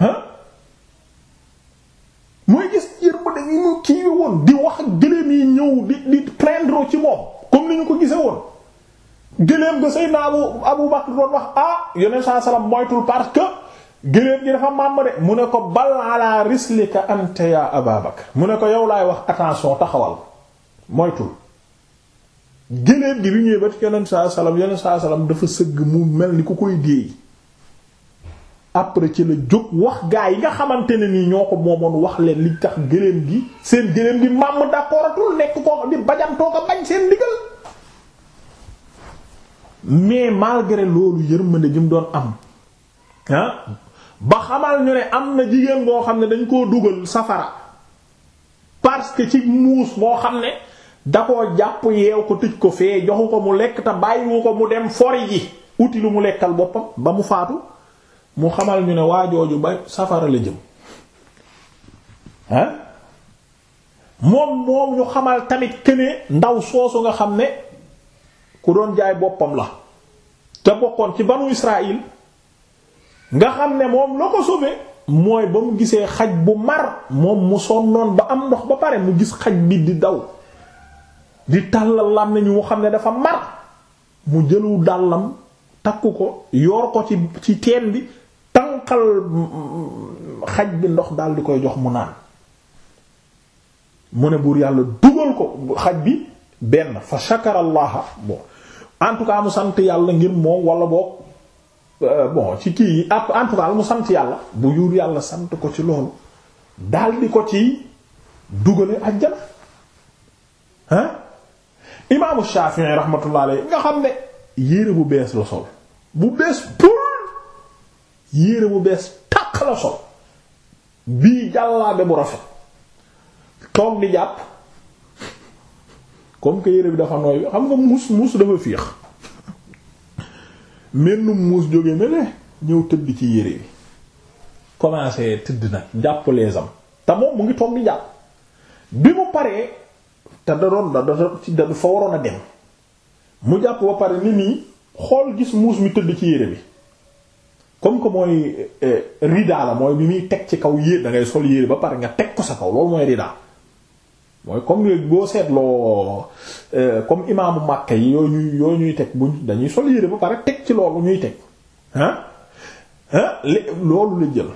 ah mooy gis yërmande yi mu kii woon di wax gëléem yi ñëw di di prendre ci moom comme ni ñu ko gisee woon gëléem ga na Abu Abu Bakr doon wax ah yoneen saa salaam moytul parce que gëléem gi dafa màmm de mu ne ko bal ala rislika anta ya Ababakar mu ne ko yow lay wax attention taxawal moytul gëléem gi bi ñëwee ba yonent saa salaam yonent saa salaam dafa sëgg mu mel ni ku koy déey après ci la jóg wax gaa yi nga xamante ne nii ñoo ko moomoon wax leen li tax gëléem gi seen gëléem gi màmm d'accordatul nekk ko di bajantoo ko bañ seen ndigal mais malgré loolu yërmande gi mu doon am ah, ba xamal ñu ne am na jigéen boo xam ne dañ koo dugal safara parce que ci muus boo xam ne da koo jàpp yeew ko tij ko fee joxu ko mu lekk te bàyyiwu ko mu dem fori ji uti lu mu lekkal boppam ba mu faatu mu xamal ñu ne waa jooju ba safara la jëm ah moom moom ñu xamal tamit këne ndaw soosu nga xam ne ku doon jaay boppam la te bokkoon ci banu Israël nga xam ne moom la ko sauvé mooy ba mu gisee xaj bu mar moom mu sonnoon ba am ndox ba pare mu gis xaj bi di daw di tàllal lam nañu mu xam ne dafa mar mu jëlu dàllam takku ko yoor ko ci ci teen bi tànqal xaj bi ndox daal di koy jox mu naan mu ne buur yàlla dugal ko xaj bi benn fa shakara allah bon tout cas mu sant yàlla ngir moom wala boog Euh, bon ci kii yi en tout cas mu sant yàlla bu yuur yàlla sant ko ci loolu daal di ko ci dugale ajjana ah imaamu Shafi'i rahmatullah alayhi nga xam ne yére bu bees la sol bu bees pour yére bu bees tàq la sol bii jàllaabe bu rafet toog di jàpp comme que yére bi dafa nooy xam nga muus muus dafa fiix mennum muus jóge mele ñëw tëdd ci yére bi commencé tëdd nag jàpp les te moom mu ngi toog di jàpp bi mu paree te da doon da da fa waroon a dem mu jàpp ba pare ni nii xool gis muus mi tëdd ci yére bi comme que mooy eh, eh, rida la mooy bi muy teg ci kaw yére da ngay sol yére ba pare nga teg ko sa kaw loolu mooy rida mooy comme léegi boo seetloo euh, comme imaamu Makka yi yoo ñuy yoo ñuy teg buñ dañuy sol yére ba pare teg ci loolu ñuy teg ah loolu la jël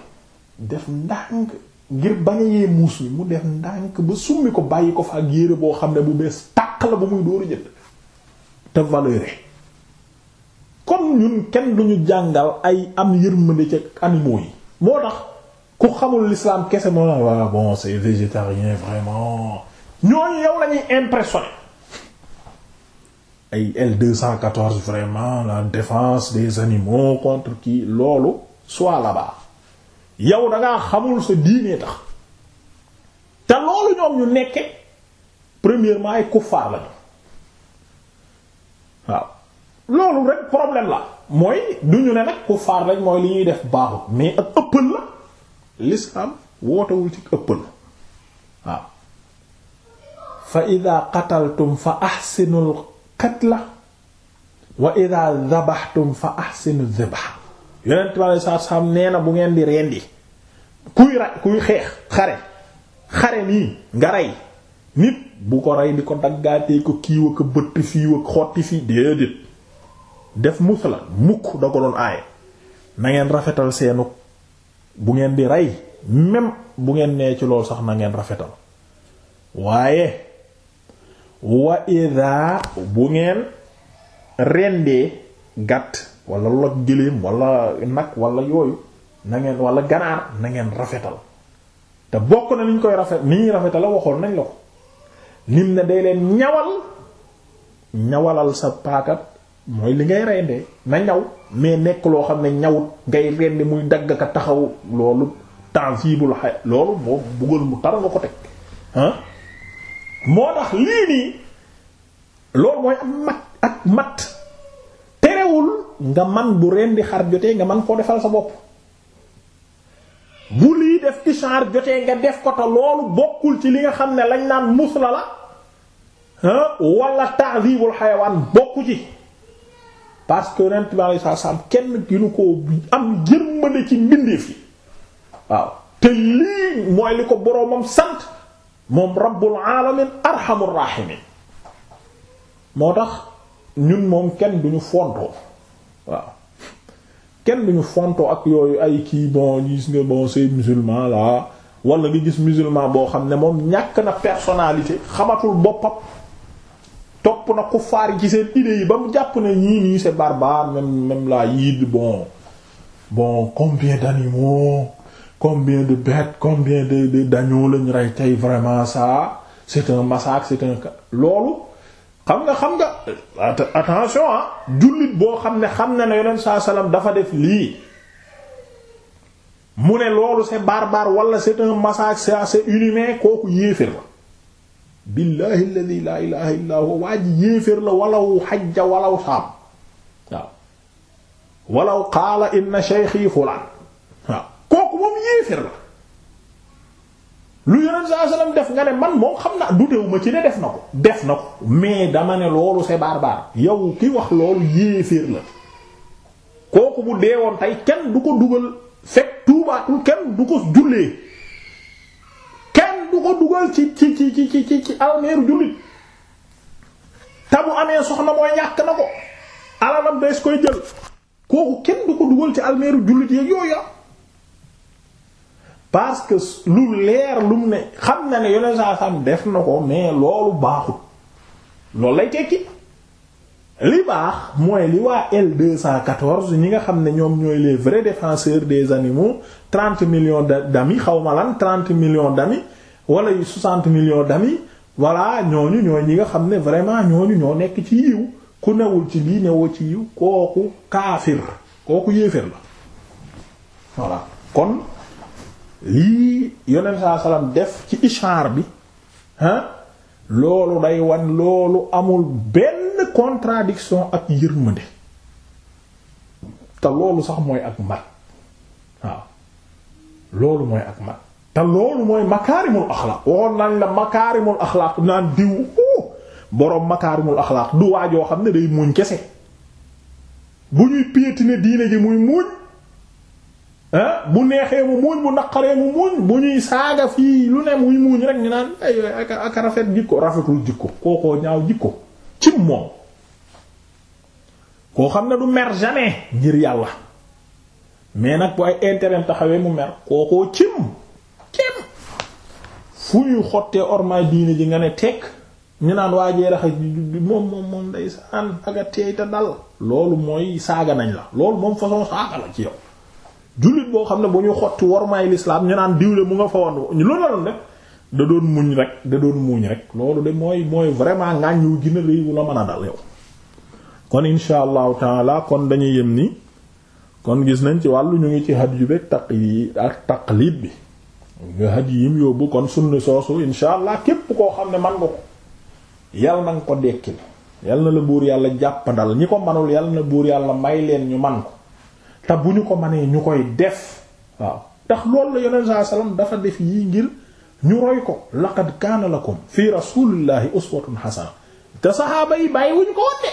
def ndànk ngir bañ yee muus mi mu def ndànk ba summi ko bàyyi ko fa ak yére boo xam ne bu bees tàq la ba muy dóoru jënd te valeur kon ñun kenn duñu jàngal ay am yërmande ci animaux yi moo tax ku xamul l'islam kese moo la waaw bon c'est végétarien vraiment ñooñu yow lañuy impressionné ay L214 vraiment la des animaux contre qui loolu soit là-bas yow da xamul sa diine tax te loolu ñoom ñu nekke premièrement ay kuffaar lañu waaw loolu rek problème la mooy du ñu ne nag kuffaar lañ mooy li ñuy def baaxut mais ak ëppal la l'islam wootewul ci ëppal waaw fa ida qataltum fa axsinul la wa ida dabaxtum fa axsinu dabax yonent bi alei satu salaam nee na bu ngeen di rendi kuy ra kuy xeex xare xare nii nga rey nit bu ko rey di ko daggaatee ko kiiwa ko bëtt fiiwa xotti fii déedéet def mus la mukk da ko doon aaye na rafetal seenu bu ngeen di rey même bu ngeen nee ci loolu sax na ngeen rafetal waaye waa ida bu ngeen rendee gàtt wala log gëléem wala nag wala yooyu na ngeen wala ganaar na ngeen rafetal te bokk na ni ñu koy rafet ni ñuy rafetal waxoon nañ la ko lim ne day leen ñawal ñawalal sa paakat mooy li ngay rendee na ñaw mais nekk loo xam ne ñawut ngay rendi muy dagg ka taxaw loolu temps yii bu loolu moom buggal mu tar nga ko teg ah. moo tax lii nii loolu mooy ak mat ak mat terewul nga man bu rendi xar jotee nga man koo defal sa bopp bu lii def ishaar jotee nga def ko te loolu bokkul ci li nga xam ne lañ naan musla la wala ta'dhibul xayawaan bokku ci parce que yonent bi saa salaam kenn ginu ko am yërmande ci mbindeef fi waaw te mooy li ko boroomam sant moom rabbul alamin arhamur rahimin moo tax ñun moom kenn duñu fontoo waaw kenn duñu fontoo ak yooyu ay kii bon gis nga bon c'est musulman là wala nga gis musulman boo xam ne moom ñàkk na personalité xamatul boppam topp na kuffaar yi ci seen idées yi ba mu jàpp ne ñii nii c'est barbare même même la yid bon bon combien combien de bêtes combien de de dañoo lañ rey tey vraiment ça c'est un massacre c'est un loolu xam nga xam nga attention ah jullit boo xam ne xam na ne yonent saa salaam dafa def lii mu ne loolu c'est barbare wala c'est un massacre c'est assez inhumain kooku yéefér la billahi alladhi la ilaha illa waa ji yéefér la walaw xajja walaw saam waaw walaw qaala inna shaykhi fulaan kooku moom yéefér la lu yonent saa sallam def nga ne man moom xam naa dutewuma ci ne def na ko def na ko mais dama ne loolu c'est barbare yow ki wax loolu yéeféer la kooku bu deewoon tey kenn du ko dugal fekk tuubaatul kenn du ko jullee kenn du ko dugal ci ci ci ci ci ci ci almeeru jullit te bu amee soxna mooy ñàkk na ko alalam dees koy jël kooku kenn du ko dugal ci almeeru jullit yeeg parce que lu leer lu mu ne xam na ne yoneen saa sam def na ko mais loolu baaxul loolu lay tekki li baax mooy li waa L214 ñi nga xam ne ñoom ñooy les vrais défenseurs des animaux 30 millions d'amis xaw xawma lan 30 millions d'amis wala yu 60 millions d'amis voilà ñooñu ñooy ñi nga xam ne vraiment ñooñu ñoo nekk ci yiw ku newul ci lii newoo ci yiw kooku kaafir kooku yéeféer la voilà kon. lii yonent saa def ci ichanre bi ah loolu day wan loolu amul benn contradiction ak yërmande te loolu sax mooy ak mat waaw loolu mooy ak mat te loolu mooy makaarimul axlaaq waxoon nañ la makaarimul axlaaq naan diw boroom makaarimul axlaaq du waajoo xam ne day muñ kese bu ñuy piétiner diine ji muy muñ Ah bu neexee mu muuñ bu naqaree mu muuñ bu ñuy saaga fii lu ne muy muuñ rek ñu naan ay ak ak rafet jikko rafetul jikko kookoo ñaaw jikko ci moom koo xam ne du mer jamais ngir yàlla mais nag bu ay intérêt taxawee mu mer kookoo cim cim fu ñuy xottee ormaay diine ji nga ne tekk ñu naan waajee raxa moom moom moom day saan aga teey te dal loolu mooy saaga nañ la loolu moom façon saaga la ci yow jullit boo xam ne bu ñu xotti wormaay lislaam ñu naan diwle mu nga fa woon lu la doon def da doon muñ rek da doon muñ loolu de mooy mooy vraiment ngàññu gina réewu la mën a dal yow kon insha allahu taala kon dañuy yem ni kon gis nañ ci wàllu ñu ngi ci had yu beeg taq yi ak taqlid bi nga had yim yóbbu kon sunni soosu insha allah képp koo xam ne man nga ko yal na nga ko dekkil yal na la buur yàlla jàppandal ñi ko manul yal na buur yàlla may leen ñu man ko te bu ñu ko mënee ñu koy def waaw ndax loolu la yonent saa salaam dafa def yii ngir ñu roy ko laqad kaana lakum fi rasulillahi uswatun hasana te saxaaba yi bàyyi wuñ ko woon de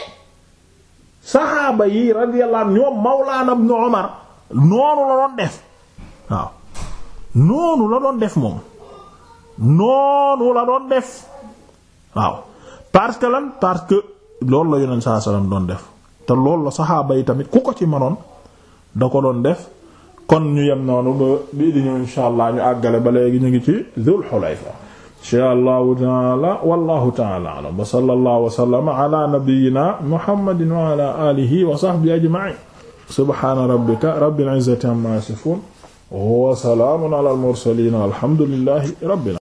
saxaaba yi radiyallahu anhum ñoom mawlaana ibn Umar noonu la doon def waaw noonu la doon def moom noonu la doon def waaw parce que lan parce que loolu la yonent saa salaam doon def te loolu la saxaaba yi tamit ku ko ci manoon da ko doon def kon ñu yem noonu ba bii di ñëw insha allah ñu àggale ba léegi ñu ngi ci Dhul Hulayfa insha allahu taala wallahu taala alam wa sallallahu wa sallama ala nabiyyina muhammadin wa ala alihi wa sahbihi ajma'in subhana rabbika rabbil izzati amma yasifun wa salaamun ala al mursalin alhamdulillahi rabbil